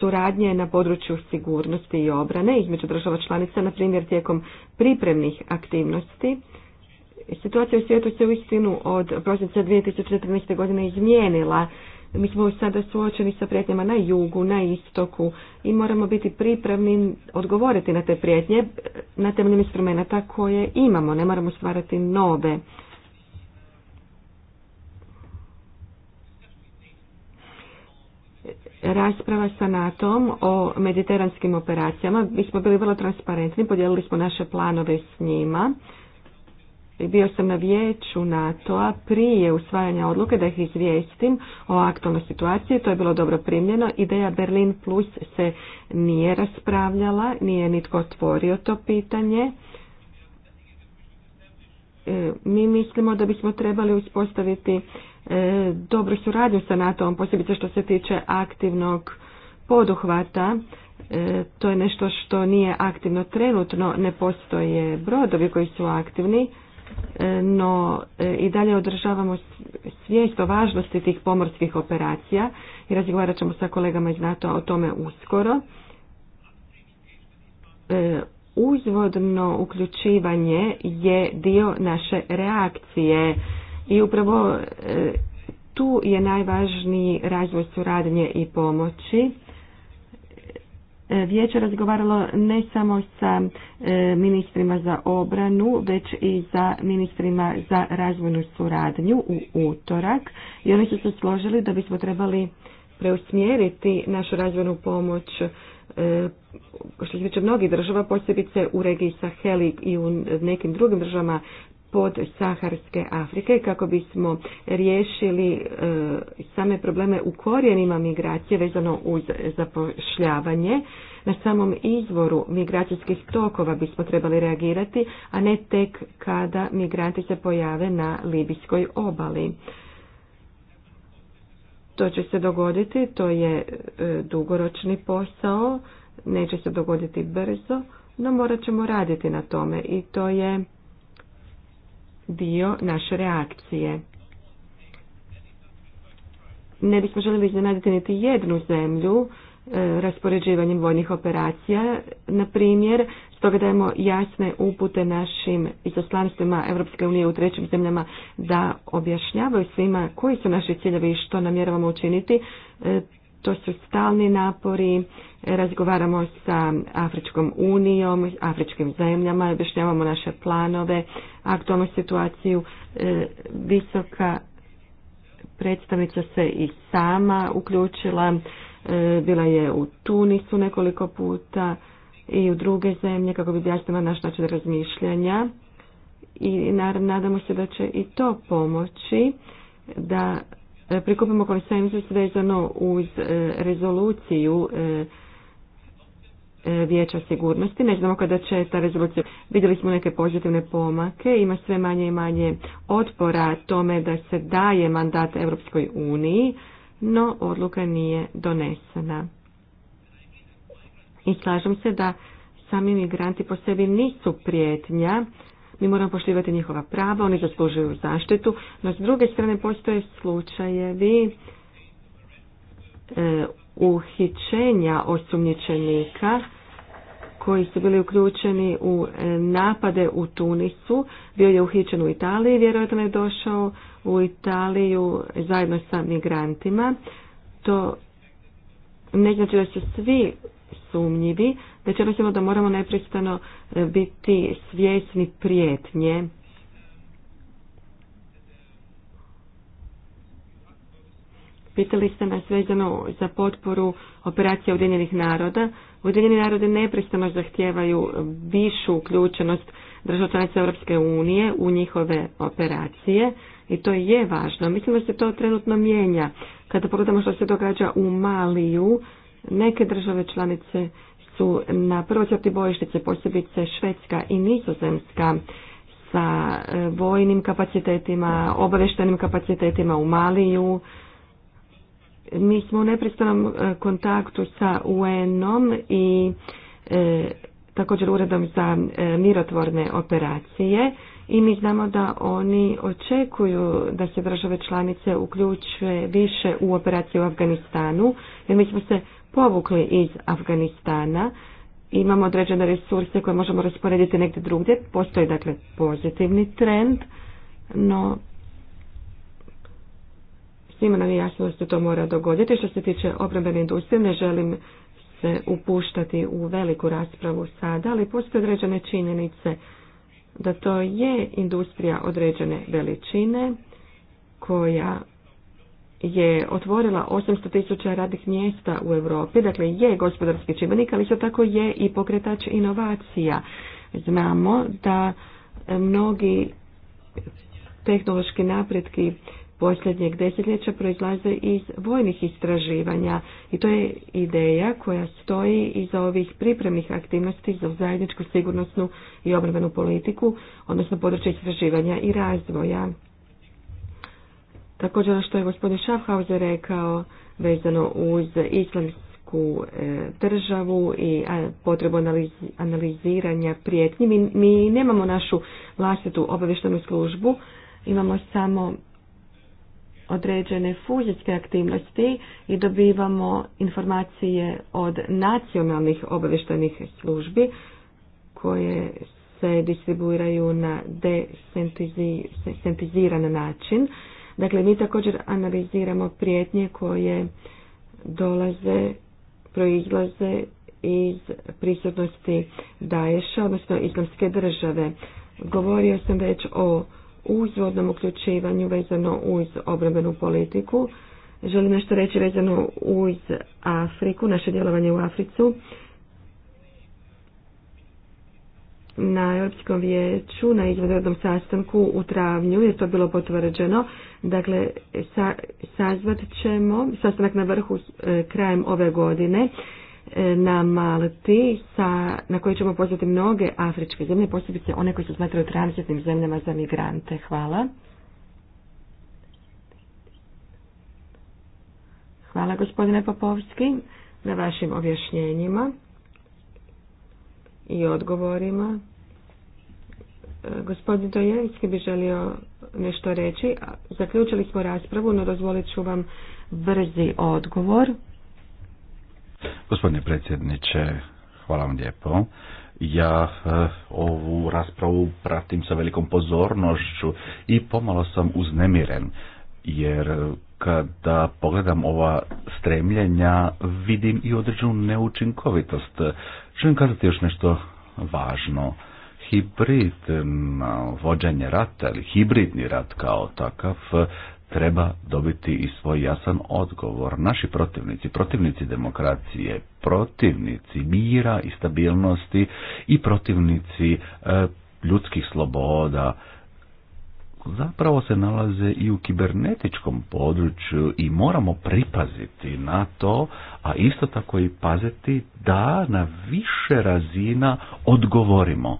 Speaker 3: suradnje na području sigurnosti i obrane između država članica, na primjer tijekom pripremnih aktivnosti. Situacija u svijetu se u istinu od prosinca 2014. godine izmijenila. Mi smo sada suočeni sa prijetnjama na jugu, na istoku i moramo biti pripravni odgovoriti na te prijetnje na temeljem instrumenta koje imamo. Ne moramo stvarati nove rasprava sa NATO-om o mediteranskim operacijama. Mi smo bili vrlo transparentni, podijelili smo naše planove s njima. Bio sam na vijeću NATO-a prije usvajanja odluke da ih izvijestim o aktualnoj situaciji. To je bilo dobro primljeno. Ideja Berlin Plus se nije raspravljala, nije nitko otvorio to pitanje. E, mi mislimo da bismo trebali uspostaviti E, dobru suradnju sa NATO-om, posebice što se tiče aktivnog poduhvata. E, to je nešto što nije aktivno trenutno, ne postoje brodovi koji su aktivni, e, no i dalje održavamo svijest o važnosti tih pomorskih operacija i razgovarat ćemo sa kolegama iz nato o tome uskoro. Uzvodno uključivanje je dio naše reakcije i upravo e, tu je najvažniji razvoj suradnje i pomoći. E, vijeće razgovaralo ne samo sa e, ministrima za obranu, već i za ministrima za razvojnu suradnju u utorak i oni su se složili da bismo trebali preusmjeriti našu razvojnu pomoć što se tiče mnogih država, posebice u regiji Saheli i u nekim drugim državama pod Saharske Afrike kako bismo riješili e, same probleme u korijenima migracije vezano uz zapošljavanje. Na samom izvoru migracijskih tokova bismo trebali reagirati, a ne tek kada migranti se pojave na libijskoj obali. To će se dogoditi, to je e, dugoročni posao, neće se dogoditi brzo, no morat ćemo raditi na tome i to je dio naše reakcije. Ne bismo željeli iznenaditi niti jednu zemlju e, raspoređivanjem vojnih operacija, na primjer, stoga dajemo jasne upute našim izoslanstvima Europske unije u trećim zemljama da objašnjavaju svima koji su naši ciljevi i što namjeravamo učiniti. E, to su stalni napori, razgovaramo sa Afričkom unijom, afričkim zemljama, objašnjavamo naše planove, aktualnu situaciju, e, visoka predstavnica se i sama uključila, e, bila je u Tunisu nekoliko puta i u druge zemlje kako bi objasnila naš način razmišljanja i naravno nadamo se da će i to pomoći da E, prikupimo konsenzus vezano uz e, rezoluciju e, vijeća sigurnosti. Ne znamo kada će ta rezolucija. Vidjeli smo neke pozitivne pomake, ima sve manje i manje otpora tome da se daje mandat Europskoj uniji, no odluka nije donesena. I slažem se da sami migranti po sebi nisu prijetnja, mi moramo poštivati njihova prava, oni zaslužuju zaštitu, no s druge strane postoje slučajevi e, uhićenja osumnjičenika koji su bili uključeni u e, napade u Tunisu. Bio je uhićen u Italiji, vjerojatno je došao u Italiju zajedno sa migrantima. To ne znači da su svi sumnjivi, već jednostavno da moramo neprestano e, biti svjesni prijetnje. Pitali ste nas vezano za potporu operacija Ujedinjenih naroda. Ujedinjeni narodi neprestano zahtijevaju višu uključenost država članica Europske unije u njihove operacije i to je važno. Mislim da se to trenutno mijenja. Kada pogledamo što se događa u Maliju, Neke države članice su na prvoj crti bojišnice, posebice Švedska i Nizozemska, sa e, vojnim kapacitetima, obaveštenim kapacitetima u Maliju. Mi smo u nepristanom e, kontaktu sa UN-om i e, također uredom za mirotvorne operacije i mi znamo da oni očekuju da se države članice uključuje više u operaciju u Afganistanu jer mi smo se povukli iz Afganistana. Imamo određene resurse koje možemo rasporediti negdje drugdje. Postoji dakle pozitivni trend, no svima nam je jasno da se to mora dogoditi. Što se tiče obrambene industrije, ne želim se upuštati u veliku raspravu sada, ali postoje određene činjenice da to je industrija određene veličine koja je otvorila 800 tisuća radnih mjesta u Europi, dakle je gospodarski čimbenik, ali isto tako je i pokretač inovacija. Znamo da e, mnogi tehnološki napretki posljednjeg desetljeća proizlaze iz vojnih istraživanja i to je ideja koja stoji iza ovih pripremnih aktivnosti za zajedničku sigurnosnu i obrambenu politiku, odnosno područje istraživanja i razvoja. Također ono što je gospodin Schaffhauser rekao vezano uz islamsku e, državu i potrebu analiziranja prijetnji. Mi, mi nemamo našu vlastitu obavještenu službu, imamo samo određene fuzijske aktivnosti i dobivamo informacije od nacionalnih obavještajnih službi koje se distribuiraju na desentiziran način. Dakle, mi također analiziramo prijetnje koje dolaze, proizlaze iz prisutnosti Daješa, odnosno islamske države. Govorio sam već o uzvodnom uključivanju vezano uz obrambenu politiku. Želim nešto reći vezano uz Afriku, naše djelovanje u Africu. na Europskom vijeću na izvanrednom sastanku u travnju je to bilo potvrđeno. Dakle, sa, sazvat ćemo sastanak na vrhu e, krajem ove godine e, na Malti sa, na koji ćemo pozvati mnoge afričke zemlje, posebice one koji se smatraju transitnim zemljama za migrante. Hvala. Hvala gospodine Popovski na vašim objašnjenjima i odgovorima. Gospodin Dojenski bi želio nešto reći. Zaključili smo raspravu, no dozvolit ću vam brzi odgovor. Gospodine
Speaker 1: predsjedniče, hvala vam lijepo. Ja e, ovu raspravu pratim sa velikom pozornošću i pomalo sam uznemiren, jer kada pogledam ova stremljenja vidim i određenu neučinkovitost. Želim kazati još nešto važno hibrid, vođenje rata ili hibridni rat kao takav eh, treba dobiti i svoj jasan odgovor. Naši protivnici, protivnici demokracije, protivnici mira i stabilnosti i protivnici eh, ljudskih sloboda zapravo se nalaze i u kibernetičkom području i moramo pripaziti na to, a isto tako i paziti da na više razina odgovorimo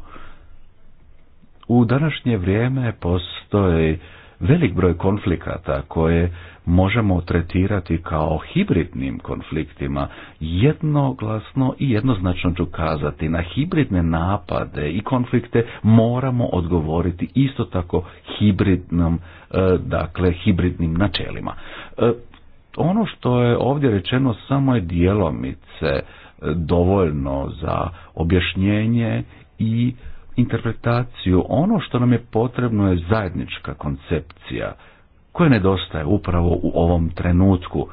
Speaker 1: u današnje vrijeme postoji velik broj konflikata koje možemo tretirati kao hibridnim konfliktima. Jednoglasno i jednoznačno ću kazati, na hibridne napade i konflikte moramo odgovoriti isto tako hibridnom, e, dakle hibridnim načelima. E, ono što je ovdje rečeno samo je dijelomice e, dovoljno za objašnjenje i interpretaciju. Ono što nam je potrebno je zajednička koncepcija koja nedostaje upravo u ovom trenutku.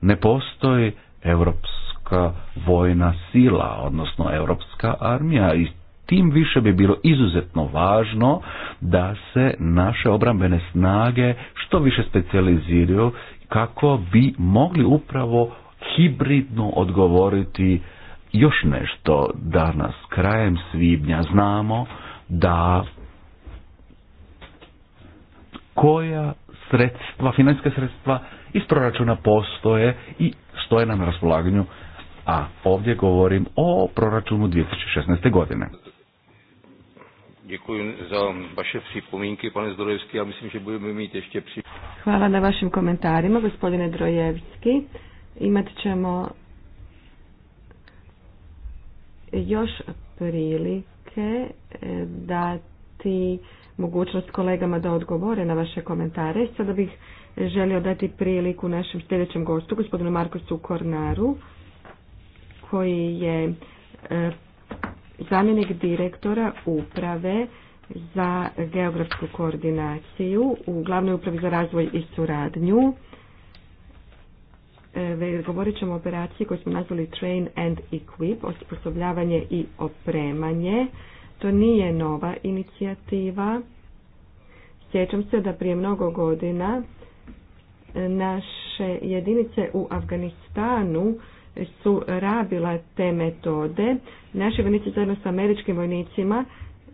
Speaker 1: Ne postoji europska vojna sila, odnosno europska armija i tim više bi bilo izuzetno važno da se naše obrambene snage što više specijaliziraju kako bi mogli upravo hibridno odgovoriti još nešto danas, krajem svibnja, znamo da koja sredstva, financijska sredstva iz proračuna postoje i stoje nam na raspolaganju, a ovdje govorim o proračunu 2016. godine. Děkuji
Speaker 3: za vaše připomínky, pane Zdrojevský. a myslím, že budeme mít ještě Hvala na vašim komentarima, gospodine Drojevski. Imat ćemo još prilike e, dati mogućnost kolegama da odgovore na vaše komentare. Sada bih želio dati priliku našem sljedećem gostu, gospodinu Markosu Kornaru, koji je e, zamjenik direktora uprave za geografsku koordinaciju u Glavnoj upravi za razvoj i suradnju. E, govorit ćemo o operaciji koju smo nazvali Train and Equip, osposobljavanje i opremanje. To nije nova inicijativa. Sjećam se da prije mnogo godina naše jedinice u Afganistanu su rabila te metode. Naši vojnici zajedno sa američkim vojnicima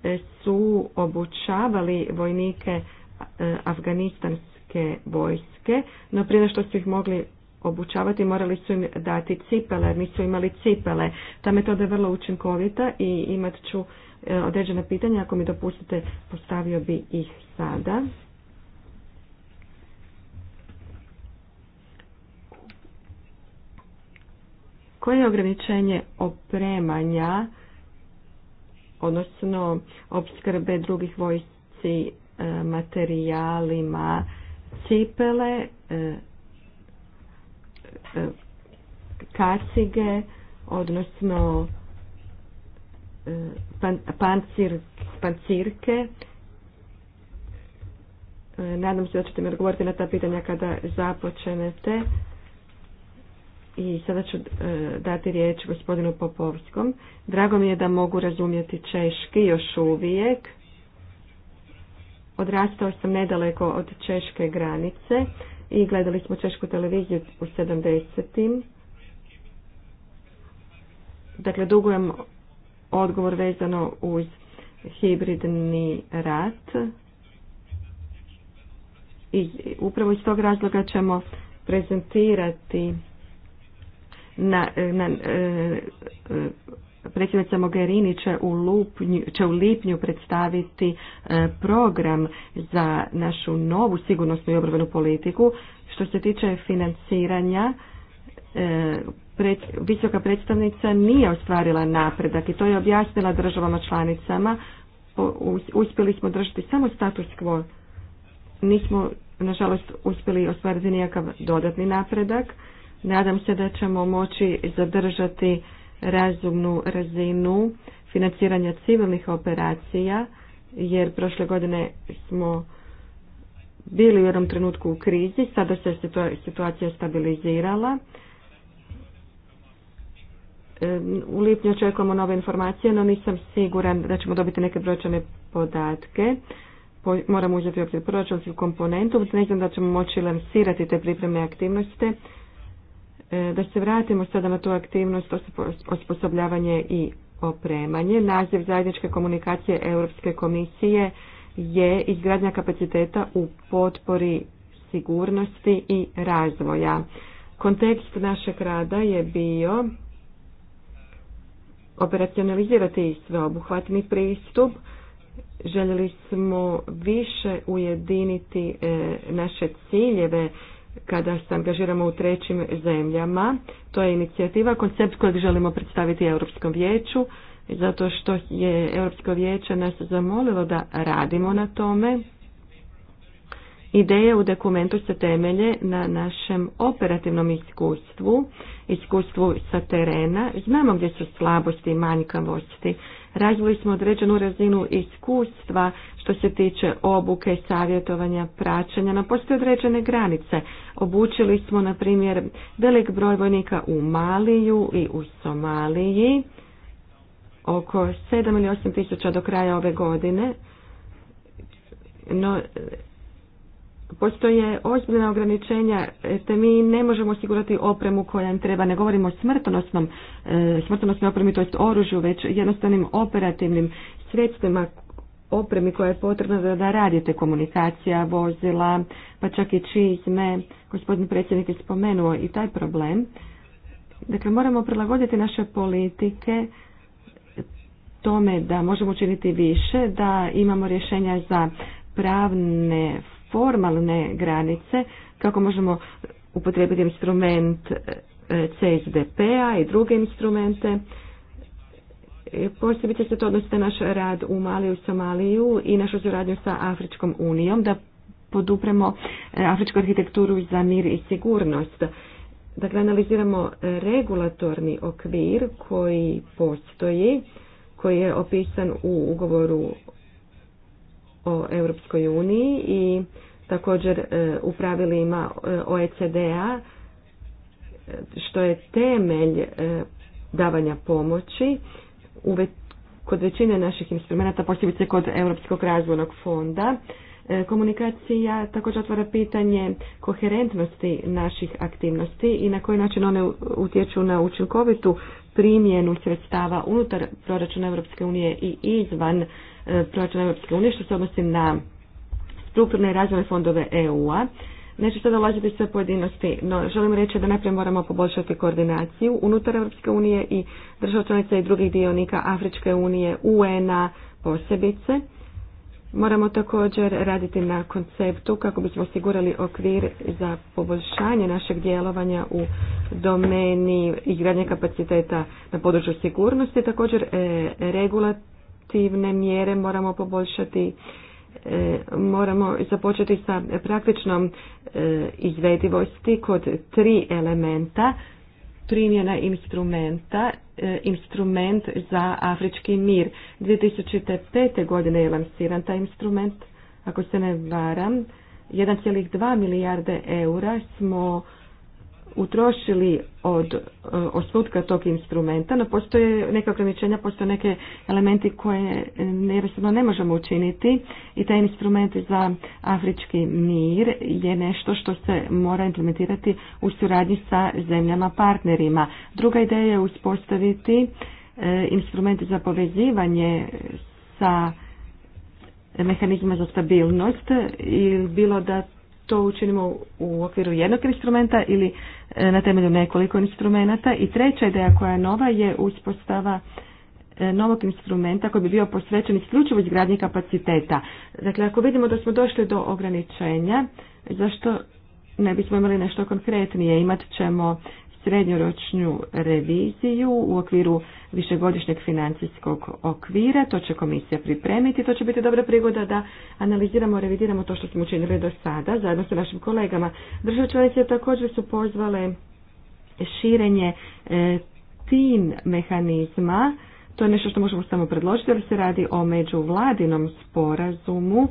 Speaker 3: e, su obučavali vojnike e, afganistanske vojske, no prije što su ih mogli obučavati, morali su im dati cipele, jer nisu imali cipele. Ta metoda je vrlo učinkovita i imat ću e, određena pitanja, ako mi dopustite postavio bi ih sada. Koje je ograničenje opremanja, odnosno opskrbe drugih vojsci e, materijalima cipele, e, E, kacige, odnosno e, pancir, pancirke. E, nadam se da ćete mi odgovoriti na ta pitanja kada započenete. I sada ću dati riječ gospodinu Popovskom. Drago mi je da mogu razumjeti češki još uvijek. Odrastao sam nedaleko od češke granice i gledali smo Češku televiziju u 70. Dakle, dugujem odgovor vezano uz hibridni rat i upravo iz tog razloga ćemo prezentirati na, na e, e, Predsjednica Mogherini će u, lupnju, će u lipnju predstaviti e, program za našu novu sigurnosnu i obrambenu politiku. Što se tiče financiranja, e, visoka predstavnica nije ostvarila napredak i to je objasnila državama članicama. Uspjeli smo držati samo status quo. Nismo, nažalost, uspjeli ostvariti nijakav dodatni napredak. Nadam se da ćemo moći zadržati razumnu razinu financiranja civilnih operacija, jer prošle godine smo bili u jednom trenutku u krizi, sada se situacija stabilizirala. U lipnju očekujemo nove informacije, no nisam siguran da ćemo dobiti neke brojčane podatke. Moramo uzeti u proračunsku komponentu, ne znam da ćemo moći lansirati te pripremne aktivnosti, E, da se vratimo sada na tu aktivnost osposobljavanje i opremanje. Naziv zajedničke komunikacije Europske komisije je izgradnja kapaciteta u potpori sigurnosti i razvoja. Kontekst našeg rada je bio operacionalizirati sveobuhvatni pristup. Željeli smo više ujediniti e, naše ciljeve kada se angažiramo u trećim zemljama. To je inicijativa, koncept kojeg želimo predstaviti Europskom vijeću, zato što je Europsko vijeće nas zamolilo da radimo na tome. Ideje u dokumentu se temelje na našem operativnom iskustvu, iskustvu sa terena. Znamo gdje su slabosti i manjkavosti Razvili smo određenu razinu iskustva što se tiče obuke, savjetovanja, praćenja. Na postoje određene granice. Obučili smo, na primjer, velik broj vojnika u Maliju i u Somaliji. Oko 7 ili 8 tisuća do kraja ove godine. No, postoje ozbiljna ograničenja, te mi ne možemo osigurati opremu koja im treba. Ne govorimo o smrtonosnom, e, smrtonosnoj opremi, to jest oružju, već jednostavnim operativnim sredstvima opremi koja je potrebna da, da radite komunikacija, vozila, pa čak i čizme. Gospodin predsjednik je spomenuo i taj problem. Dakle, moramo prilagoditi naše politike tome da možemo učiniti više, da imamo rješenja za pravne formalne granice, kako možemo upotrijebiti instrument e, CSDP-a i druge instrumente. E, posebice se to odnosi na naš rad u Maliju, Somaliju i našu suradnju sa Afričkom unijom, da podupremo e, afričku arhitekturu za mir i sigurnost. Dakle, analiziramo regulatorni okvir koji postoji, koji je opisan u ugovoru o Europskoj uniji i također e, u pravilima e, OECD-a e, što je temelj davanja pomoći kod većine naših instrumenta, posebice kod Europskog razvojnog fonda. Komunikacija također otvara pitanje koherentnosti naših aktivnosti i na koji način one utječu na učinkovitu primjenu sredstava unutar proračuna Europske unije i izvan proračuna Europske unije što se odnosi na strukturne i razvojne fondove EU-a. Neću sada ulaziti sve pojedinosti, no želim reći da najprije moramo poboljšati koordinaciju unutar Europske unije i država članica i drugih dionika Afričke unije, UN-a posebice. Moramo također raditi na konceptu kako bismo osigurali okvir za poboljšanje našeg djelovanja u domeni i gradnje kapaciteta na području sigurnosti, također e, preventivne mjere moramo poboljšati e, moramo započeti sa praktičnom e, izvedivosti kod tri elementa primjena instrumenta e, instrument za afrički mir 2005. godine je lansiran taj instrument ako se ne varam 1,2 milijarde eura smo utrošili od e, osnutka tog instrumenta, no postoje neke ograničenja, postoje neke elementi koje e, jednostavno ne možemo učiniti i taj instrument za afrički mir je nešto što se mora implementirati u suradnji sa zemljama partnerima. Druga ideja je uspostaviti e, instrumente za povezivanje sa mehanizma za stabilnost i bilo da to učinimo u okviru jednog instrumenta ili e, na temelju nekoliko instrumenta. I treća ideja koja je nova je uspostava e, novog instrumenta koji bi bio posvećen isključivo izgradnji kapaciteta. Dakle, ako vidimo da smo došli do ograničenja, zašto ne bismo imali nešto konkretnije? Imat ćemo srednjoročnu reviziju u okviru višegodišnjeg financijskog okvira. To će komisija pripremiti. To će biti dobra prigoda da analiziramo, revidiramo to što smo učinili do sada zajedno sa našim kolegama. Države članice također su pozvale širenje e, tim mehanizma. To je nešto što možemo samo predložiti, ali se radi o međuvladinom sporazumu,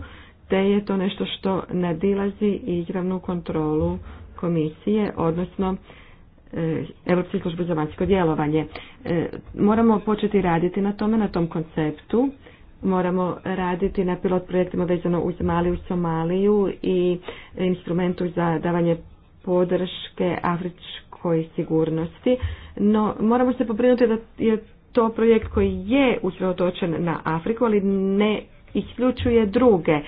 Speaker 3: te je to nešto što nadilazi izravnu kontrolu komisije, odnosno E, Europske službe za vanjsko djelovanje. E, moramo početi raditi na tome, na tom konceptu. Moramo raditi na pilot projektima vezano uz Maliju, Somaliju i instrumentu za davanje podrške afričkoj sigurnosti. No, moramo se pobrinuti da je to projekt koji je usredotočen na Afriku, ali ne isključuje druge.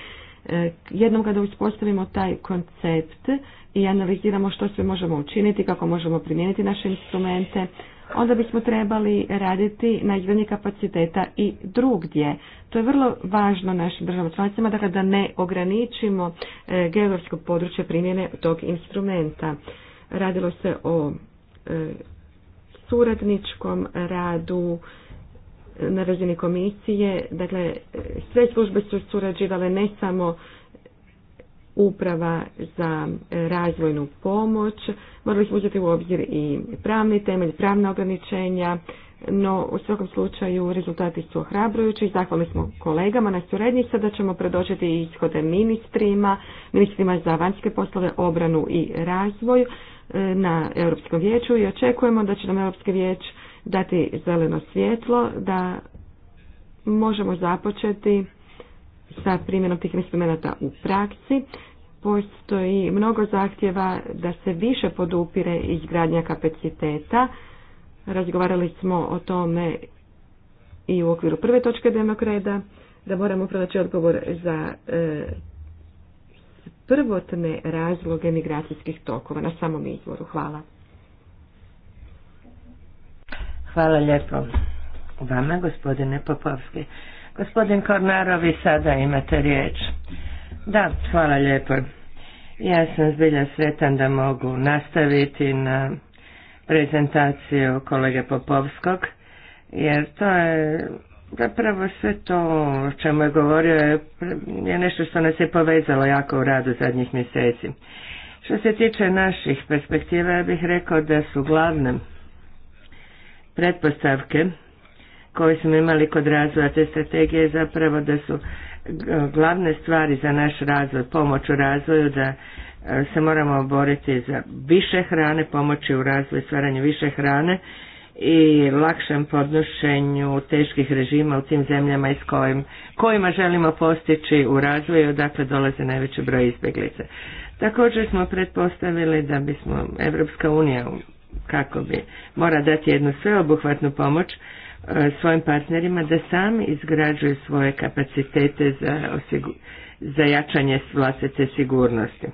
Speaker 3: E, jednom kada uspostavimo taj koncept i analiziramo što sve možemo učiniti, kako možemo primijeniti naše instrumente, onda bismo trebali raditi na izgradnji kapaciteta i drugdje. To je vrlo važno našim državama članicama, dakle da ne ograničimo e, geografsko područje primjene tog instrumenta. Radilo se o e, suradničkom radu, na razini komisije. Dakle, sve službe su surađivale ne samo uprava za razvojnu pomoć. Morali smo uzeti u obzir i pravni temelj, pravna ograničenja, no u svakom slučaju rezultati su ohrabrujući. Zahvalili smo kolegama na suradnji, sada ćemo predočiti ishode ministrima, ministrima za vanjske poslove, obranu i razvoj e, na Europskom vijeću i očekujemo da će nam Europski vijeć dati zeleno svjetlo da možemo započeti sa primjenom tih instrumenta u praksi. Postoji mnogo zahtjeva da se više podupire izgradnja kapaciteta. Razgovarali smo o tome i u okviru prve točke dnevnog reda, da moramo pronaći odgovor za e, prvotne razloge migracijskih tokova na samom izvoru. Hvala. Hvala
Speaker 2: lijepo vama, gospodine Popovski. Gospodin Kornarovi, sada imate riječ. Da, hvala lijepo. Ja sam zbilja sretan da mogu nastaviti na prezentaciju kolege Popovskog, jer to je zapravo sve to o čemu je govorio je, je nešto što nas je povezalo jako u radu zadnjih mjeseci. Što se tiče naših perspektiva, ja bih rekao da su glavne pretpostavke koje smo imali kod razvoja te strategije je zapravo da su glavne stvari za naš razvoj, pomoć u razvoju, da e, se moramo boriti za više hrane, pomoći u razvoju stvaranju više hrane i lakšem podnošenju teških režima u tim zemljama iz kojim, kojima želimo postići u razvoju, dakle dolaze najveći broj izbjeglice. Također smo pretpostavili da bismo Evropska unija kako bi, mora dati jednu sveobuhvatnu pomoć e, svojim partnerima da sami izgrađuju svoje kapacitete za, za jačanje vlastite sigurnosti.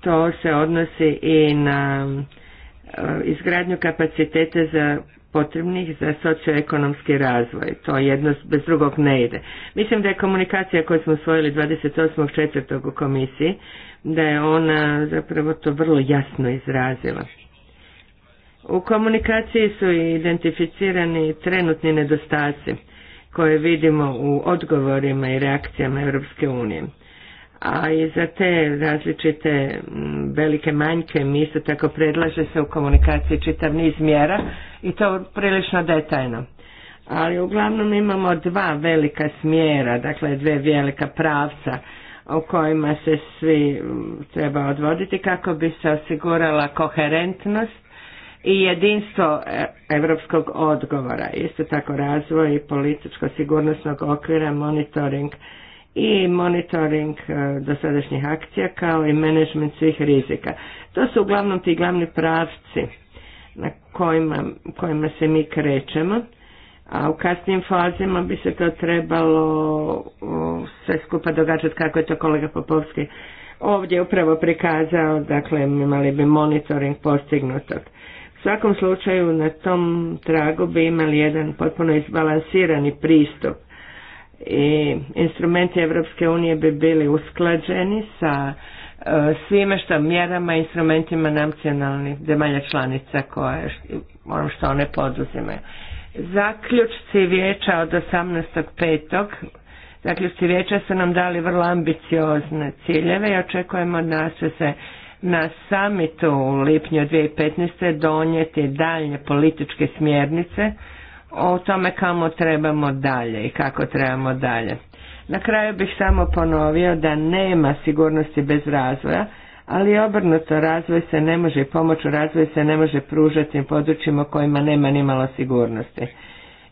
Speaker 2: To se odnosi i na e, izgradnju kapacitete za potrebnih za socioekonomski razvoj. To jedno bez drugog ne ide. Mislim da je komunikacija koju smo usvojili 28.4. u komisiji, da je ona zapravo to vrlo jasno izrazila. U komunikaciji su identificirani trenutni nedostaci koje vidimo u odgovorima i reakcijama Europske unije. A i za te različite velike manjke mi isto tako predlaže se u komunikaciji čitav niz mjera i to prilično detaljno. Ali uglavnom imamo dva velika smjera, dakle dve velika pravca o kojima se svi treba odvoditi kako bi se osigurala koherentnost i jedinstvo europskog odgovora, isto tako razvoj političko-sigurnosnog okvira, monitoring i monitoring e, dosadašnjih akcija kao i management svih rizika. To su uglavnom ti glavni pravci na kojima, kojima se mi krećemo, a u kasnijim fazima bi se to trebalo sve skupa događati kako je to kolega Popovski ovdje upravo prikazao, dakle imali bi monitoring postignutog u svakom slučaju na tom tragu bi imali jedan potpuno izbalansirani pristup i instrumenti Evropske unije bi bili usklađeni sa e, svime što mjerama i instrumentima nacionalnih zemalja članica koje, ono što one poduzimaju. Zaključci vijeća od 18.5. Zaključci vijeća su nam dali vrlo ambiciozne ciljeve i očekujemo da će se na samitu u lipnju 2015. donijeti daljnje političke smjernice o tome kamo trebamo dalje i kako trebamo dalje. Na kraju bih samo ponovio da nema sigurnosti bez razvoja, ali obrnuto razvoj se ne može i pomoć u razvoju se ne može pružati u područjima kojima nema ni malo sigurnosti.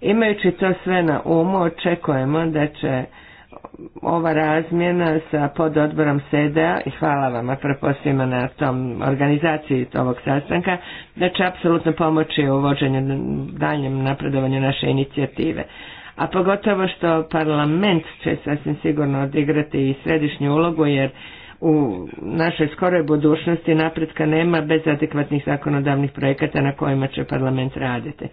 Speaker 2: Imajući to sve na umu, očekujemo da će ova razmjena sa pododborom SEDA i hvala vam apropo svima na tom organizaciji ovog sastanka da će apsolutno pomoći u vođenju daljem napredovanju naše inicijative. A pogotovo što parlament će sasvim sigurno odigrati i središnju ulogu jer u našoj skoroj budućnosti napretka nema bez adekvatnih zakonodavnih projekata na kojima će parlament raditi.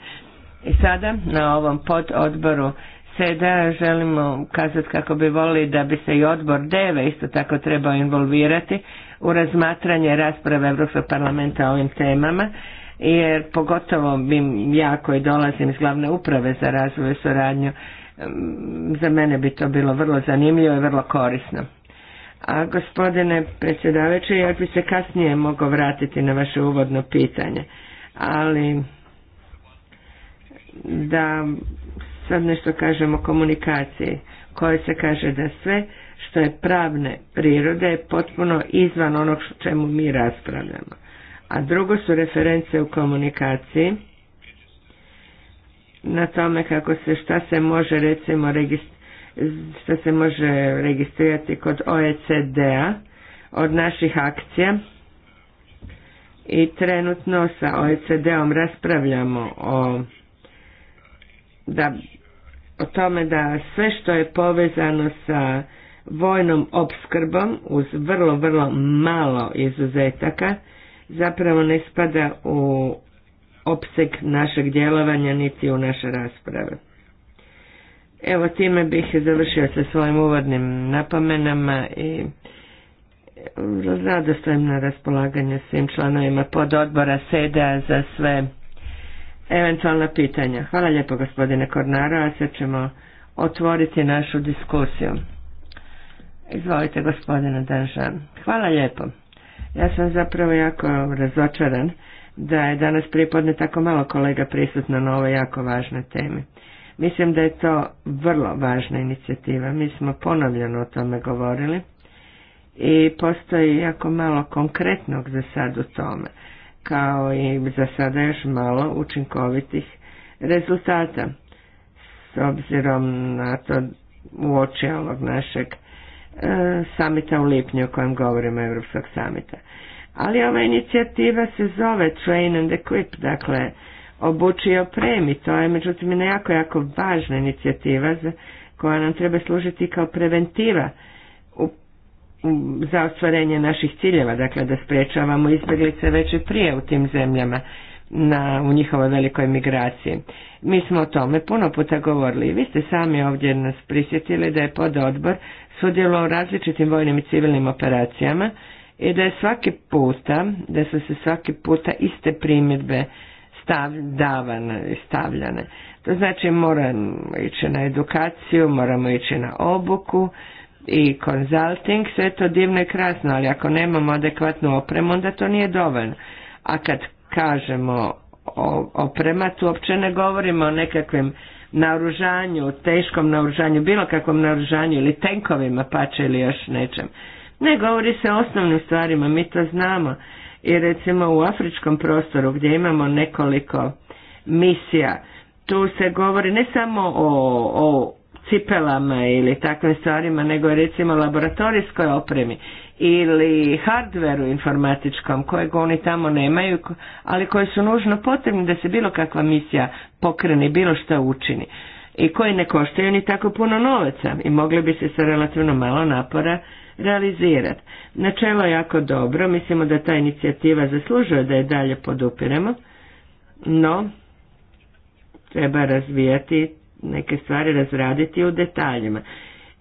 Speaker 2: I sada na ovom pododboru sada želimo kazati kako bi volili da bi se i odbor DEVE isto tako trebao involvirati u razmatranje rasprave Europskog parlamenta o ovim temama jer pogotovo ja koji dolazim iz glavne uprave za razvoj i suradnju mm, za mene bi to bilo vrlo zanimljivo i vrlo korisno. A gospodine predsjedavajući, ja bi se kasnije mogao vratiti na vaše uvodno pitanje, ali da sad nešto kažemo komunikaciji, koje se kaže da sve što je pravne prirode je potpuno izvan onog čemu mi raspravljamo. A drugo su reference u komunikaciji na tome kako se šta se može recimo šta se može registrirati kod OECD-a od naših akcija i trenutno sa OECD-om raspravljamo o da o tome da sve što je povezano sa vojnom opskrbom uz vrlo, vrlo malo izuzetaka zapravo ne spada u opseg našeg djelovanja niti u naše rasprave. Evo time bih završio sa svojim uvodnim napomenama i radostujem e, na raspolaganje svim članovima pododbora SEDA za sve eventualna pitanja. Hvala lijepo gospodine Kornaro, a sad ćemo otvoriti našu diskusiju. Izvolite gospodine Danžan. Hvala lijepo. Ja sam zapravo jako razočaran da je danas pripodne tako malo kolega prisutno na ovoj jako važnoj temi. Mislim da je to vrlo važna inicijativa. Mi smo ponovljeno o tome govorili i postoji jako malo konkretnog za sad u tome kao i za sada još malo učinkovitih rezultata s obzirom na to uoči ovog našeg e, samita u lipnju o kojem govorimo Europskog samita. Ali ova inicijativa se zove Train and Equip, dakle obuči i opremi, to je međutim jedna jako, jako važna inicijativa koja nam treba služiti kao preventiva za ostvarenje naših ciljeva, dakle da sprečavamo izbjeglice već i prije u tim zemljama na, u njihovoj velikoj migraciji. Mi smo o tome puno puta govorili i vi ste sami ovdje nas prisjetili da je pododbor sudjelovao u različitim vojnim i civilnim operacijama i da je svaki puta, da su se svaki puta iste primjedbe stav, davane, stavljane. To znači moramo ići na edukaciju, moramo ići na obuku, i konzulting, sve to divno i krasno, ali ako nemamo adekvatnu opremu, onda to nije dovoljno. A kad kažemo o oprema, tu uopće ne govorimo o nekakvim naoružanju, teškom naoružanju, bilo kakvom naoružanju ili tenkovima pače ili još nečem. Ne govori se o osnovnim stvarima, mi to znamo. I recimo u afričkom prostoru gdje imamo nekoliko misija, tu se govori ne samo o, o cipelama ili takvim stvarima, nego recimo laboratorijskoj opremi ili hardveru informatičkom kojeg oni tamo nemaju, ali koji su nužno potrebni da se bilo kakva misija pokreni bilo što učini i koji ne koštaju ni tako puno novaca i mogli bi se sa relativno malo napora realizirati. Načelo je jako dobro, mislimo da ta inicijativa zaslužuje da je dalje podupiremo, no treba razvijati neke stvari razraditi u detaljima.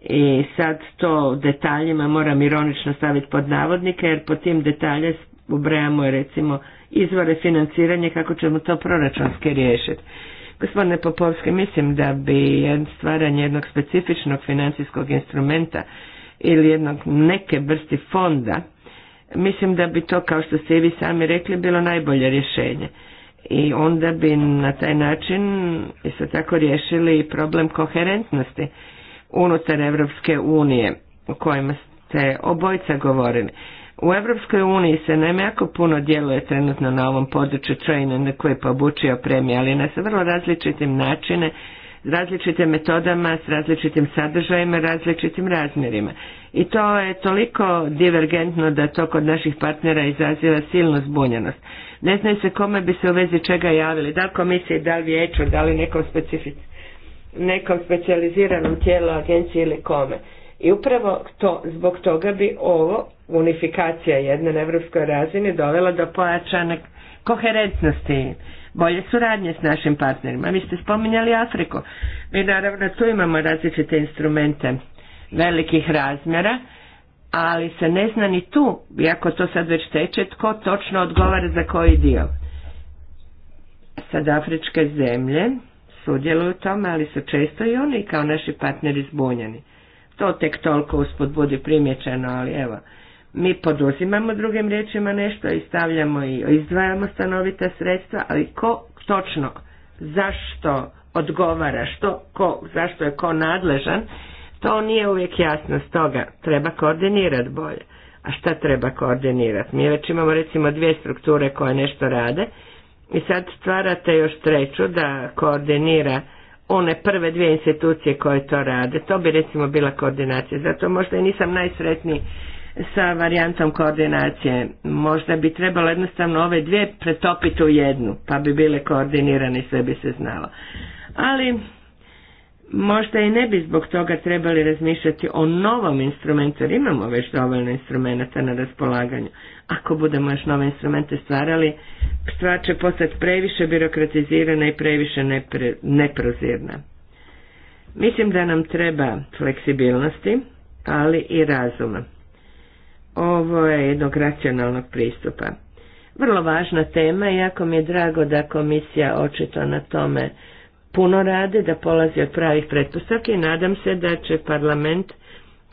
Speaker 2: I sad to detaljima moram ironično staviti pod navodnike jer po tim detalje ubrajamo recimo izvore financiranja kako ćemo to proračunski riješiti. Gospodine Popovski, mislim da bi stvaranje jednog specifičnog financijskog instrumenta ili jednog neke vrsti fonda, mislim da bi to, kao što ste i vi sami rekli, bilo najbolje rješenje i onda bi na taj način isto tako riješili i problem koherentnosti unutar Evropske unije o kojima ste obojca govorili. U Evropskoj uniji se nam jako puno djeluje trenutno na ovom području training koji je pobučio premije, ali na vrlo različitim načine različitim metodama, s različitim sadržajima, različitim razmjerima. I to je toliko divergentno da to kod naših partnera izaziva silnu zbunjenost. Ne znaju se kome bi se u vezi čega javili, da li komisiji, da li vijeću, da li nekom, specific, nekom specializiranom tijelu, agenciji ili kome. I upravo to, zbog toga bi ovo, unifikacija jedne na evropskoj razini, dovela do pojačane koherentnosti bolje suradnje s našim partnerima. Vi ste spominjali Afriku. Mi naravno tu imamo različite instrumente velikih razmjera, ali se ne zna ni tu, iako to sad već teče, tko točno odgovara za koji dio. Sad afričke zemlje sudjeluju u tome, ali su često i oni kao naši partneri zbunjeni. To tek toliko usput budi primjećeno, ali evo, mi poduzimamo drugim riječima nešto i stavljamo i izdvajamo stanovita sredstva, ali ko točno zašto odgovara, što, ko, zašto je ko nadležan, to nije uvijek jasno, stoga treba koordinirati bolje. A šta treba koordinirati? Mi već imamo recimo dvije strukture koje nešto rade i sad stvarate još treću da koordinira one prve dvije institucije koje to rade. To bi recimo bila koordinacija, zato možda i nisam najsretniji sa varijantom koordinacije. Možda bi trebalo jednostavno ove dvije pretopiti u jednu, pa bi bile koordinirane i sve bi se znalo. Ali možda i ne bi zbog toga trebali razmišljati o novom instrumentu, jer imamo već dovoljno instrumenta na raspolaganju. Ako budemo još nove instrumente stvarali, stvar će postati previše birokratizirana i previše neprozirna. Mislim da nam treba fleksibilnosti, ali i razuma ovo je jednog racionalnog pristupa. Vrlo važna tema i jako mi je drago da komisija očito na tome puno rade, da polazi od pravih pretpostavki i nadam se da će parlament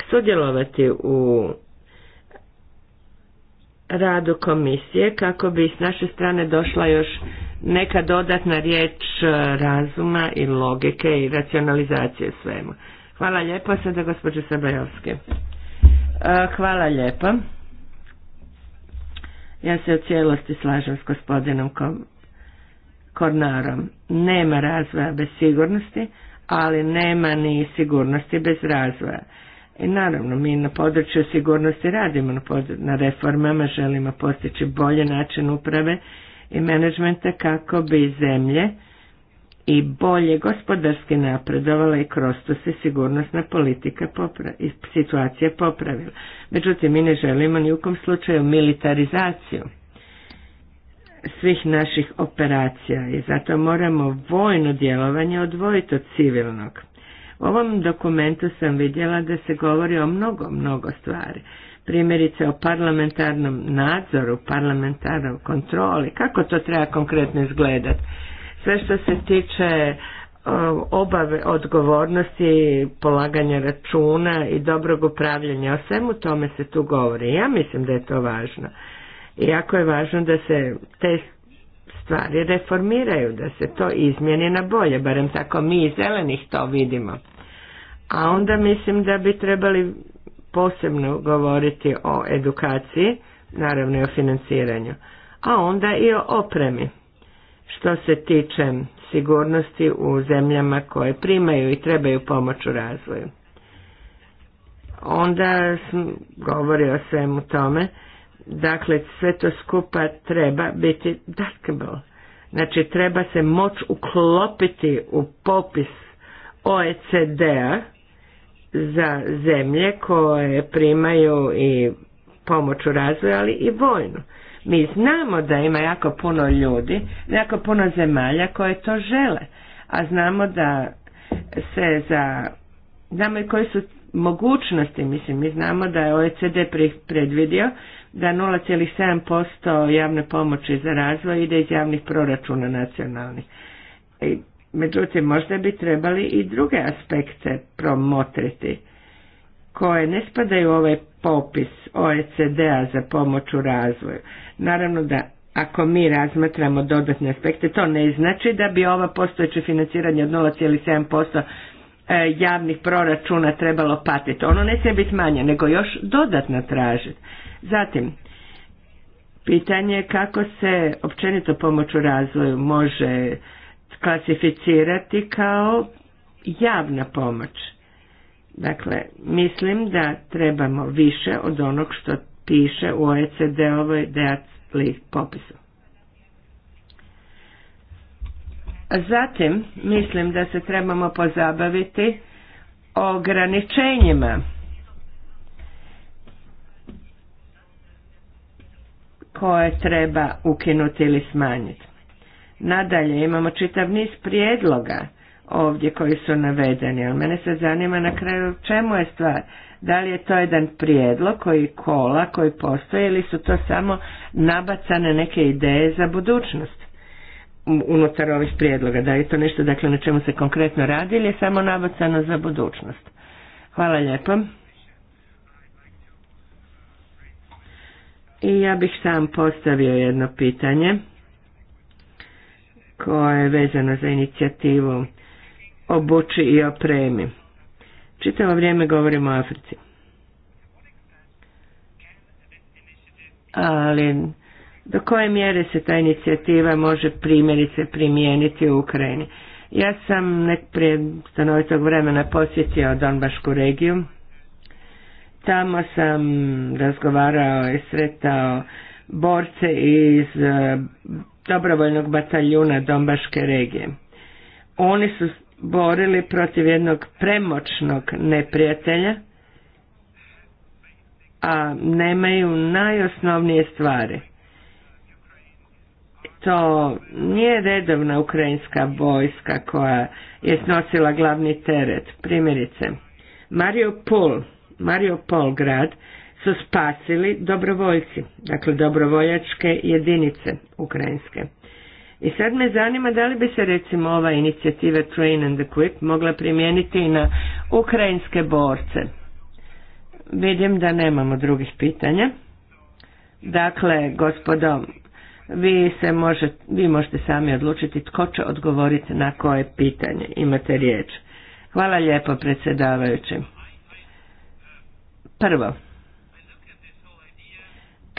Speaker 2: sudjelovati u radu komisije kako bi s naše strane došla još neka dodatna riječ razuma i logike i racionalizacije svemu. Hvala lijepo sada gospođo Sabajovske. E, hvala lijepa. Ja se u cijelosti slažem s gospodinom Kornarom. Nema razvoja bez sigurnosti, ali nema ni sigurnosti bez razvoja. I naravno, mi na području sigurnosti radimo na, reformama, želimo postići bolje način uprave i menadžmenta kako bi zemlje i bolje gospodarski napredovala i kroz to se sigurnosna politika popra i situacija popravila. Međutim, mi ne želimo ni u kom slučaju militarizaciju svih naših operacija i zato moramo vojno djelovanje odvojiti od civilnog. U ovom dokumentu sam vidjela da se govori o mnogo, mnogo stvari. Primjerice o parlamentarnom nadzoru, parlamentarnoj kontroli, kako to treba konkretno izgledati sve što se tiče e, obave odgovornosti, polaganja računa i dobrog upravljanja. O svemu tome se tu govori. Ja mislim da je to važno. I jako je važno da se te stvari reformiraju, da se to izmjeni na bolje, barem tako mi iz zelenih to vidimo. A onda mislim da bi trebali posebno govoriti o edukaciji, naravno i o financiranju, a onda i o opremi što se tiče sigurnosti u zemljama koje primaju i trebaju pomoć u razvoju. Onda sam govorio o svemu tome, dakle sve to skupa treba biti daskable, znači treba se moć uklopiti u popis OECD-a za zemlje koje primaju i pomoć u razvoju, ali i vojnu. Mi znamo da ima jako puno ljudi, jako puno zemalja koje to žele, a znamo da se za, znamo i koje su mogućnosti, mislim, mi znamo da je OECD predvidio da 0,7% javne pomoći za razvoj ide iz javnih proračuna nacionalnih. Međutim, možda bi trebali i druge aspekte promotriti koje ne spadaju u ovaj popis OECD-a za pomoć u razvoju. Naravno da ako mi razmatramo dodatne aspekte, to ne znači da bi ova postojeće financiranje od 0,7% e, javnih proračuna trebalo patiti. Ono ne smije biti manje, nego još dodatno tražiti. Zatim, pitanje je kako se općenito pomoć u razvoju može klasificirati kao javna pomoć. Dakle, mislim da trebamo više od onog što piše u OECD-ovoj DEAC list popisu. Zatim, mislim da se trebamo pozabaviti ograničenjima koje treba ukinuti ili smanjiti. Nadalje, imamo čitav niz prijedloga ovdje koji su navedeni. Ali mene se zanima na kraju čemu je stvar. Da li je to jedan prijedlog koji kola, koji postoji ili su to samo nabacane neke ideje za budućnost unutar ovih prijedloga? Da li je to nešto dakle, na čemu se konkretno radi ili je samo nabacano za budućnost? Hvala lijepo. I ja bih sam postavio jedno pitanje koje je vezano za inicijativu obuči i opremi. Čitavo vrijeme govorimo o Africi. Ali do koje mjere se ta inicijativa može primjerice primijeniti u Ukrajini? Ja sam nek prije stanovitog vremena posjetio Donbašku regiju. Tamo sam razgovarao i sretao borce iz e, dobrovoljnog bataljuna Donbaške regije. Oni su borili protiv jednog premoćnog neprijatelja, a nemaju najosnovnije stvari. To nije redovna ukrajinska vojska koja je snosila glavni teret. Primjerice, Mariupol, Mariupol grad su spasili dobrovoljci, dakle dobrovoljačke jedinice ukrajinske. I sad me zanima da li bi se recimo ova inicijativa Train and Equip mogla primijeniti i na ukrajinske borce. Vidim da nemamo drugih pitanja. Dakle, gospodo, vi, se možete, vi možete sami odlučiti tko će odgovoriti na koje pitanje imate riječ. Hvala lijepo predsjedavajući. Prvo,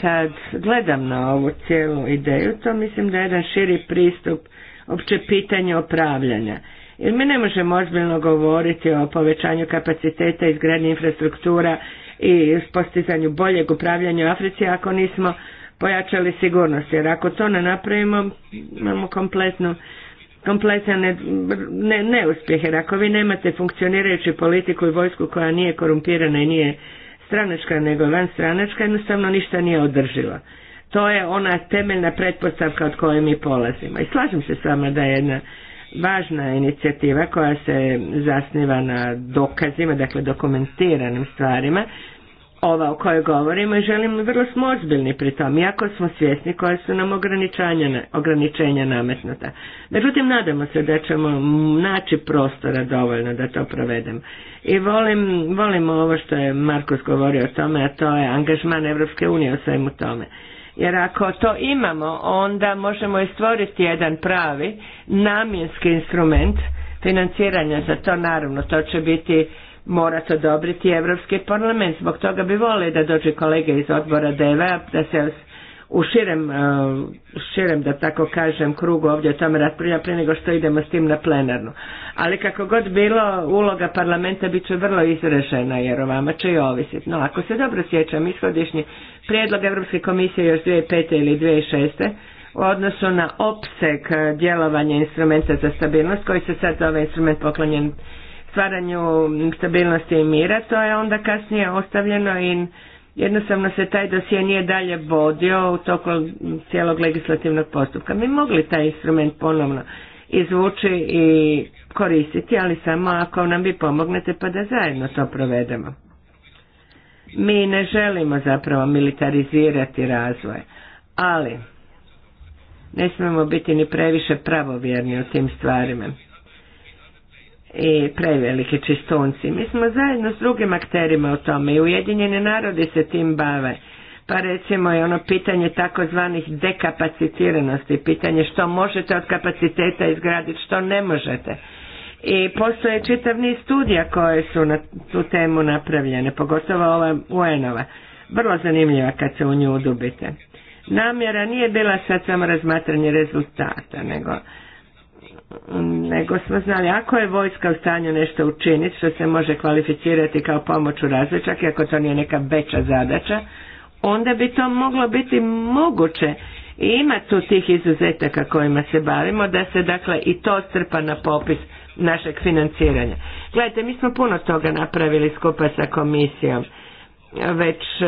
Speaker 2: kad gledam na ovu cijelu ideju, to mislim da je jedan širi pristup opće pitanje upravljanja. Jer mi ne možemo ozbiljno govoriti o povećanju kapaciteta izgradnje infrastruktura i postizanju boljeg upravljanja u Africi ako nismo pojačali sigurnost. Jer ako to ne napravimo, imamo kompletnu kompletan ne, ne, neuspjeh, jer ako vi nemate funkcionirajuću politiku i vojsku koja nije korumpirana i nije stranačka nego stranačka jednostavno ništa nije održila. To je ona temeljna pretpostavka od koje mi polazimo. I slažem se s vama da je jedna važna inicijativa koja se zasniva na dokazima, dakle dokumentiranim stvarima ova o kojoj govorimo i želimo vrlo smo ozbiljni pri tom, iako smo svjesni koje su nam ograničenja nametnuta. Međutim, nadamo se da ćemo naći prostora dovoljno da to provedemo. I volim, ovo što je Markus govorio o tome, a to je angažman Evropske unije o svemu tome. Jer ako to imamo, onda možemo i stvoriti jedan pravi namjenski instrument financiranja za to, naravno, to će biti morat odobriti Europski parlament. Zbog toga bi vole da dođe kolega iz odbora DEVA da se u širem, e, širem, da tako kažem, krugu ovdje o tome raspravlja prije nego što idemo s tim na plenarnu. Ali kako god bilo, uloga parlamenta bit će vrlo izražena jer o vama će i ovisiti. No, ako se dobro sjećam, ishodišnji prijedlog Europske komisije još 2005. ili 2006. u odnosu na opseg e, djelovanja instrumenta za stabilnost, koji se sad zove instrument poklonjen stvaranju stabilnosti i mira, to je onda kasnije ostavljeno i jednostavno se taj dosje nije dalje bodio u toku cijelog legislativnog postupka. Mi mogli taj instrument ponovno izvući i koristiti, ali samo ako nam vi pomognete pa da zajedno to provedemo. Mi ne želimo zapravo militarizirati razvoj, ali ne smemo biti ni previše pravovjerni u tim stvarima i preveliki čistunci. Mi smo zajedno s drugim akterima o tome i Ujedinjeni narodi se tim bave. Pa recimo je ono pitanje takozvanih dekapacitiranosti, pitanje što možete od kapaciteta izgraditi, što ne možete. I postoje čitav niz studija koje su na tu temu napravljene, pogotovo ova UN-ova. Vrlo zanimljiva kad se u nju udubite. Namjera nije bila sad samo razmatranje rezultata, nego nego smo znali ako je vojska u stanju nešto učiniti što se može kvalificirati kao pomoć u različak, i ako to nije neka veća zadaća, onda bi to moglo biti moguće. I ima tu tih izuzetaka kojima se bavimo da se dakle i to strpa na popis našeg financiranja. Gledajte, mi smo puno toga napravili skupa sa komisijom već e,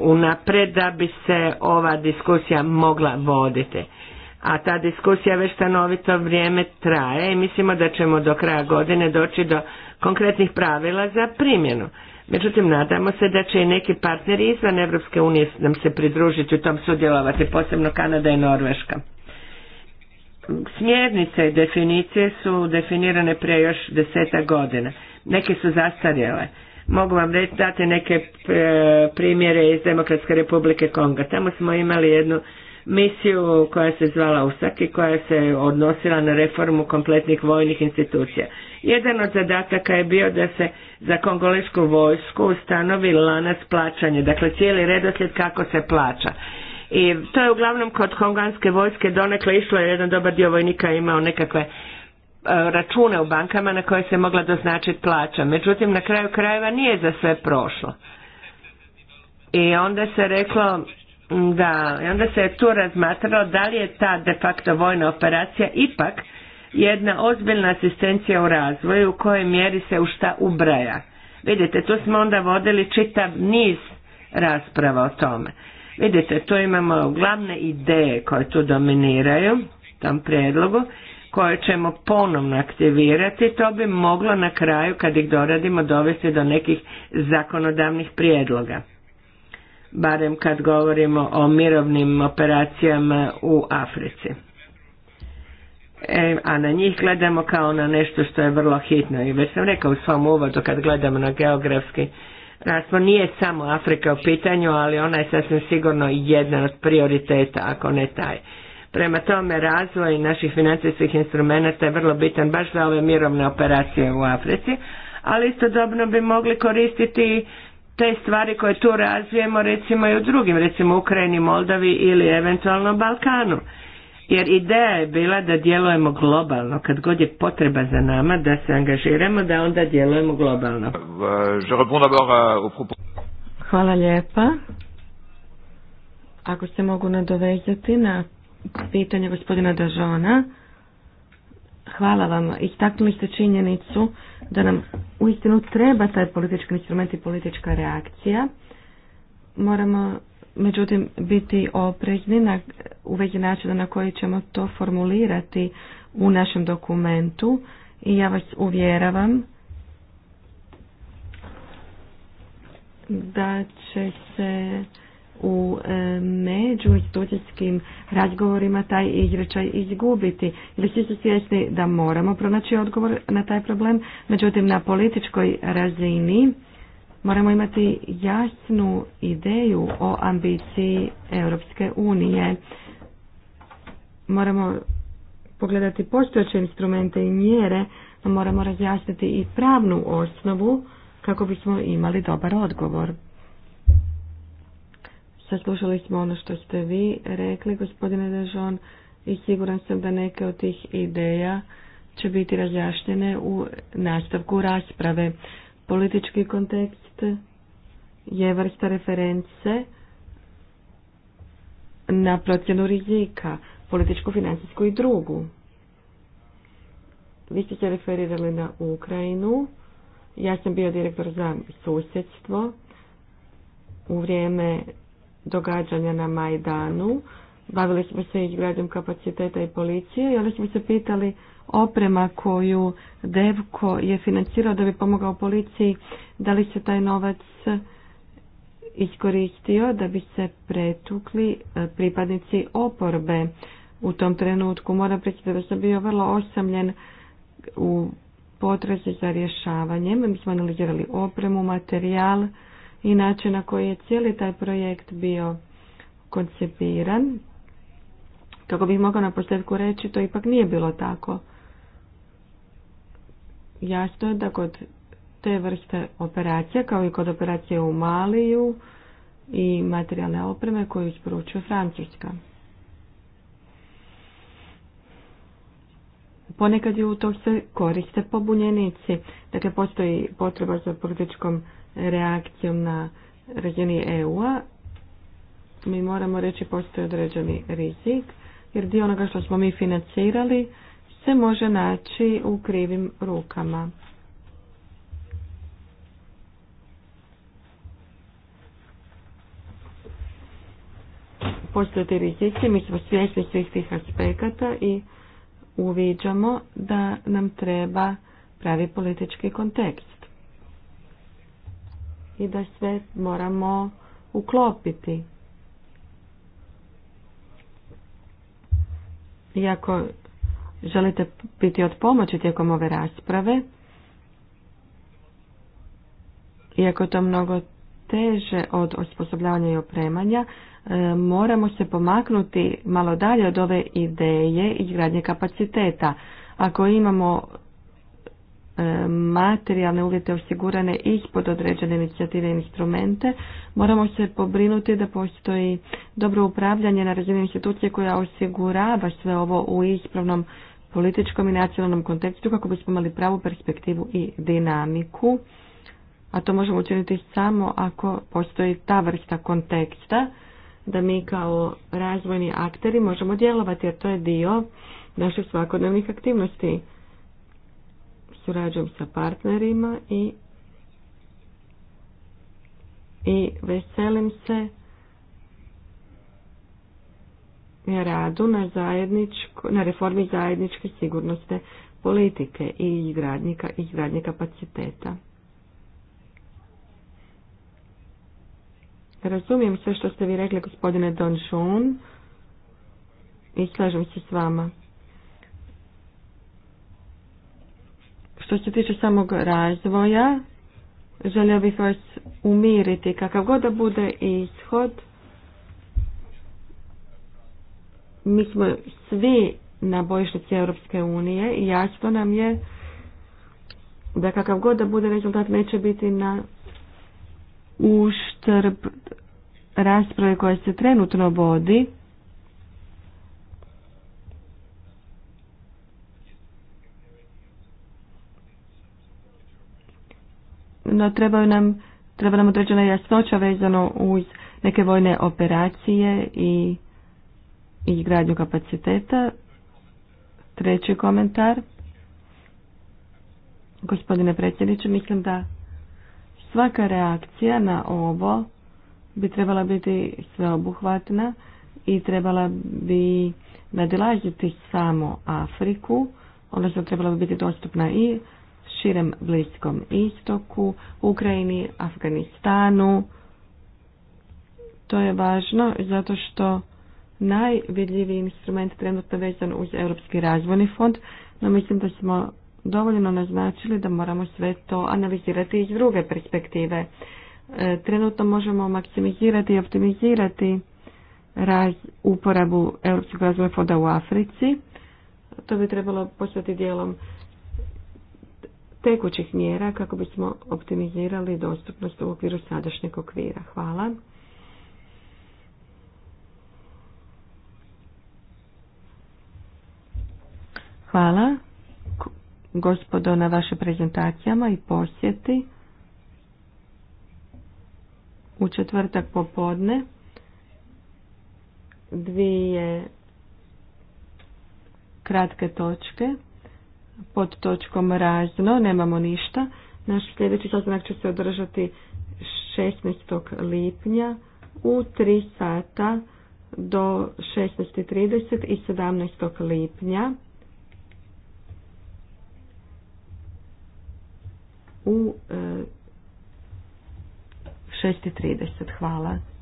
Speaker 2: unapred da bi se ova diskusija mogla voditi a ta diskusija već stanovito vrijeme traje i mislimo da ćemo do kraja godine doći do konkretnih pravila za primjenu. Međutim, nadamo se da će i neki partneri izvan Evropske unije nam se pridružiti u tom sudjelovati, posebno Kanada i Norveška. Smjernice i definicije su definirane prije još deseta godina. Neke su zastarjele. Mogu vam reći, dati neke e, primjere iz Demokratske republike Konga. Tamo smo imali jednu misiju koja se zvala USAK i koja se odnosila na reformu kompletnih vojnih institucija. Jedan od zadataka je bio da se za kongolešku vojsku ustanovi lanac plaćanja, dakle cijeli redosljed kako se plaća. I to je uglavnom kod konganske vojske donekle išlo jer jedan dobar dio vojnika imao nekakve e, račune u bankama na koje se mogla doznačiti plaća. Međutim, na kraju krajeva nije za sve prošlo. I onda se reklo, da, i onda se je tu razmatralo da li je ta de facto vojna operacija ipak jedna ozbiljna asistencija u razvoju u kojoj mjeri se u šta ubraja. Vidite, tu smo onda vodili čitav niz rasprava o tome. Vidite, tu imamo glavne ideje koje tu dominiraju, tom prijedlogu, koje ćemo ponovno aktivirati, to bi moglo na kraju, kad ih doradimo, dovesti do nekih zakonodavnih prijedloga barem kad govorimo o mirovnim operacijama u Africi. E, a na njih gledamo kao na nešto što je vrlo hitno i već sam rekao u svom uvodu kad gledamo na geografski raspon nije samo Afrika u pitanju, ali ona je sasvim sigurno jedna od prioriteta, ako ne taj. Prema tome razvoj naših financijskih instrumenta je vrlo bitan baš za ove mirovne operacije u Africi, ali istodobno bi mogli koristiti te stvari koje tu razvijemo recimo i u drugim, recimo Ukrajini, Moldavi ili eventualno Balkanu. Jer ideja je bila da djelujemo globalno, kad god je potreba za nama da se angažiramo, da onda djelujemo globalno. Euh,
Speaker 3: hvala lijepa. Ako se mogu nadovezati na pitanje gospodina Dažona, hvala vam. Istaknuli ste činjenicu da nam uistinu treba taj politički instrument i politička reakcija. Moramo međutim biti oprezni na, u vezi načina na koji ćemo to formulirati u našem dokumentu i ja vas uvjeravam da će se u e, međuinstitucijskim razgovorima taj izrečaj izgubiti. Ili svi su svjesni da moramo pronaći odgovor na taj problem, međutim na političkoj razini moramo imati jasnu ideju o ambiciji Europske unije. Moramo pogledati postojeće instrumente i mjere, moramo razjasniti i pravnu osnovu kako bismo imali dobar odgovor. Saslušali smo ono što ste vi rekli, gospodine Dežon, i siguran sam da neke od tih ideja će biti razjašnjene u nastavku rasprave. Politički kontekst je vrsta reference na procjenu rizika, političku, financijsku i drugu. Vi ste se referirali na Ukrajinu. Ja sam bio direktor za susjedstvo u vrijeme događanja na Majdanu. Bavili smo se izgradnjom kapaciteta i policije i onda smo se pitali oprema koju Devko je financirao da bi pomogao policiji, da li se taj novac iskoristio da bi se pretukli e, pripadnici oporbe u tom trenutku. Moram priznati da sam bio vrlo osamljen u potrazi za rješavanjem. Mi smo analizirali opremu, materijal, i način na koji je cijeli taj projekt bio koncipiran. Kako bih mogao na početku reći, to ipak nije bilo tako. Jasno je da kod te vrste operacija, kao i kod operacije u Maliju i materijalne opreme koju isporučuje Francuska. Ponekad je u to se koriste pobunjenici. Dakle, postoji potreba za političkom reakcijom na razini EU-a, mi moramo reći postoji određeni rizik, jer dio onoga što smo mi financirali se može naći u krivim rukama. Postoje ti rizici, mi smo svjesni svih tih aspekata i uviđamo da nam treba pravi politički kontekst i da sve moramo uklopiti. Iako želite biti od pomoći tijekom ove rasprave, iako je to mnogo teže od osposobljavanja i opremanja, e, moramo se pomaknuti malo dalje od ove ideje izgradnje kapaciteta. Ako imamo E, materijalne uvjete osigurane ispod određene inicijative i instrumente, moramo se pobrinuti da postoji dobro upravljanje na razini institucije koja osigurava sve ovo u ispravnom političkom i nacionalnom kontekstu kako bismo imali pravu perspektivu i dinamiku, a to možemo učiniti samo ako postoji ta vrsta konteksta da mi kao razvojni akteri možemo djelovati jer to je dio naših svakodnevnih aktivnosti surađujem sa partnerima i i veselim se radu na, na reformi zajedničke sigurnosne politike i izgradnje kapaciteta. Razumijem sve što ste vi rekli, gospodine Donšun, i slažem se s vama. Što se tiče samog razvoja, želio bih vas umiriti kakav god da bude ishod. Mi smo svi na bojišnici Europske unije i jasno nam je da kakav god da bude rezultat neće biti na uštrb rasprave koja se trenutno vodi no trebaju nam, treba nam određena jasnoća vezano uz neke vojne operacije i izgradnju kapaciteta. Treći komentar. Gospodine predsjedniče, mislim da svaka reakcija na ovo bi trebala biti sveobuhvatna i trebala bi nadilaziti samo Afriku, odnosno trebala bi biti dostupna i širem Bliskom istoku, Ukrajini, Afganistanu. To je važno zato što najvidljiviji instrument trenutno vezan uz Europski razvojni fond, no mislim da smo dovoljno naznačili da moramo sve to analizirati iz druge perspektive. E, trenutno možemo maksimizirati i optimizirati raz, uporabu Europskog razvoja foda u Africi. To bi trebalo postati dijelom tekućih mjera kako bismo optimizirali dostupnost u okviru sadašnjeg okvira. Hvala. Hvala gospodo na vaše prezentacijama i posjeti u četvrtak popodne dvije kratke točke pod točkom razno, nemamo ništa. Naš sljedeći sastanak će se održati 16. lipnja u 3 sata do 16.30 i 17. lipnja u 6.30. E, Hvala.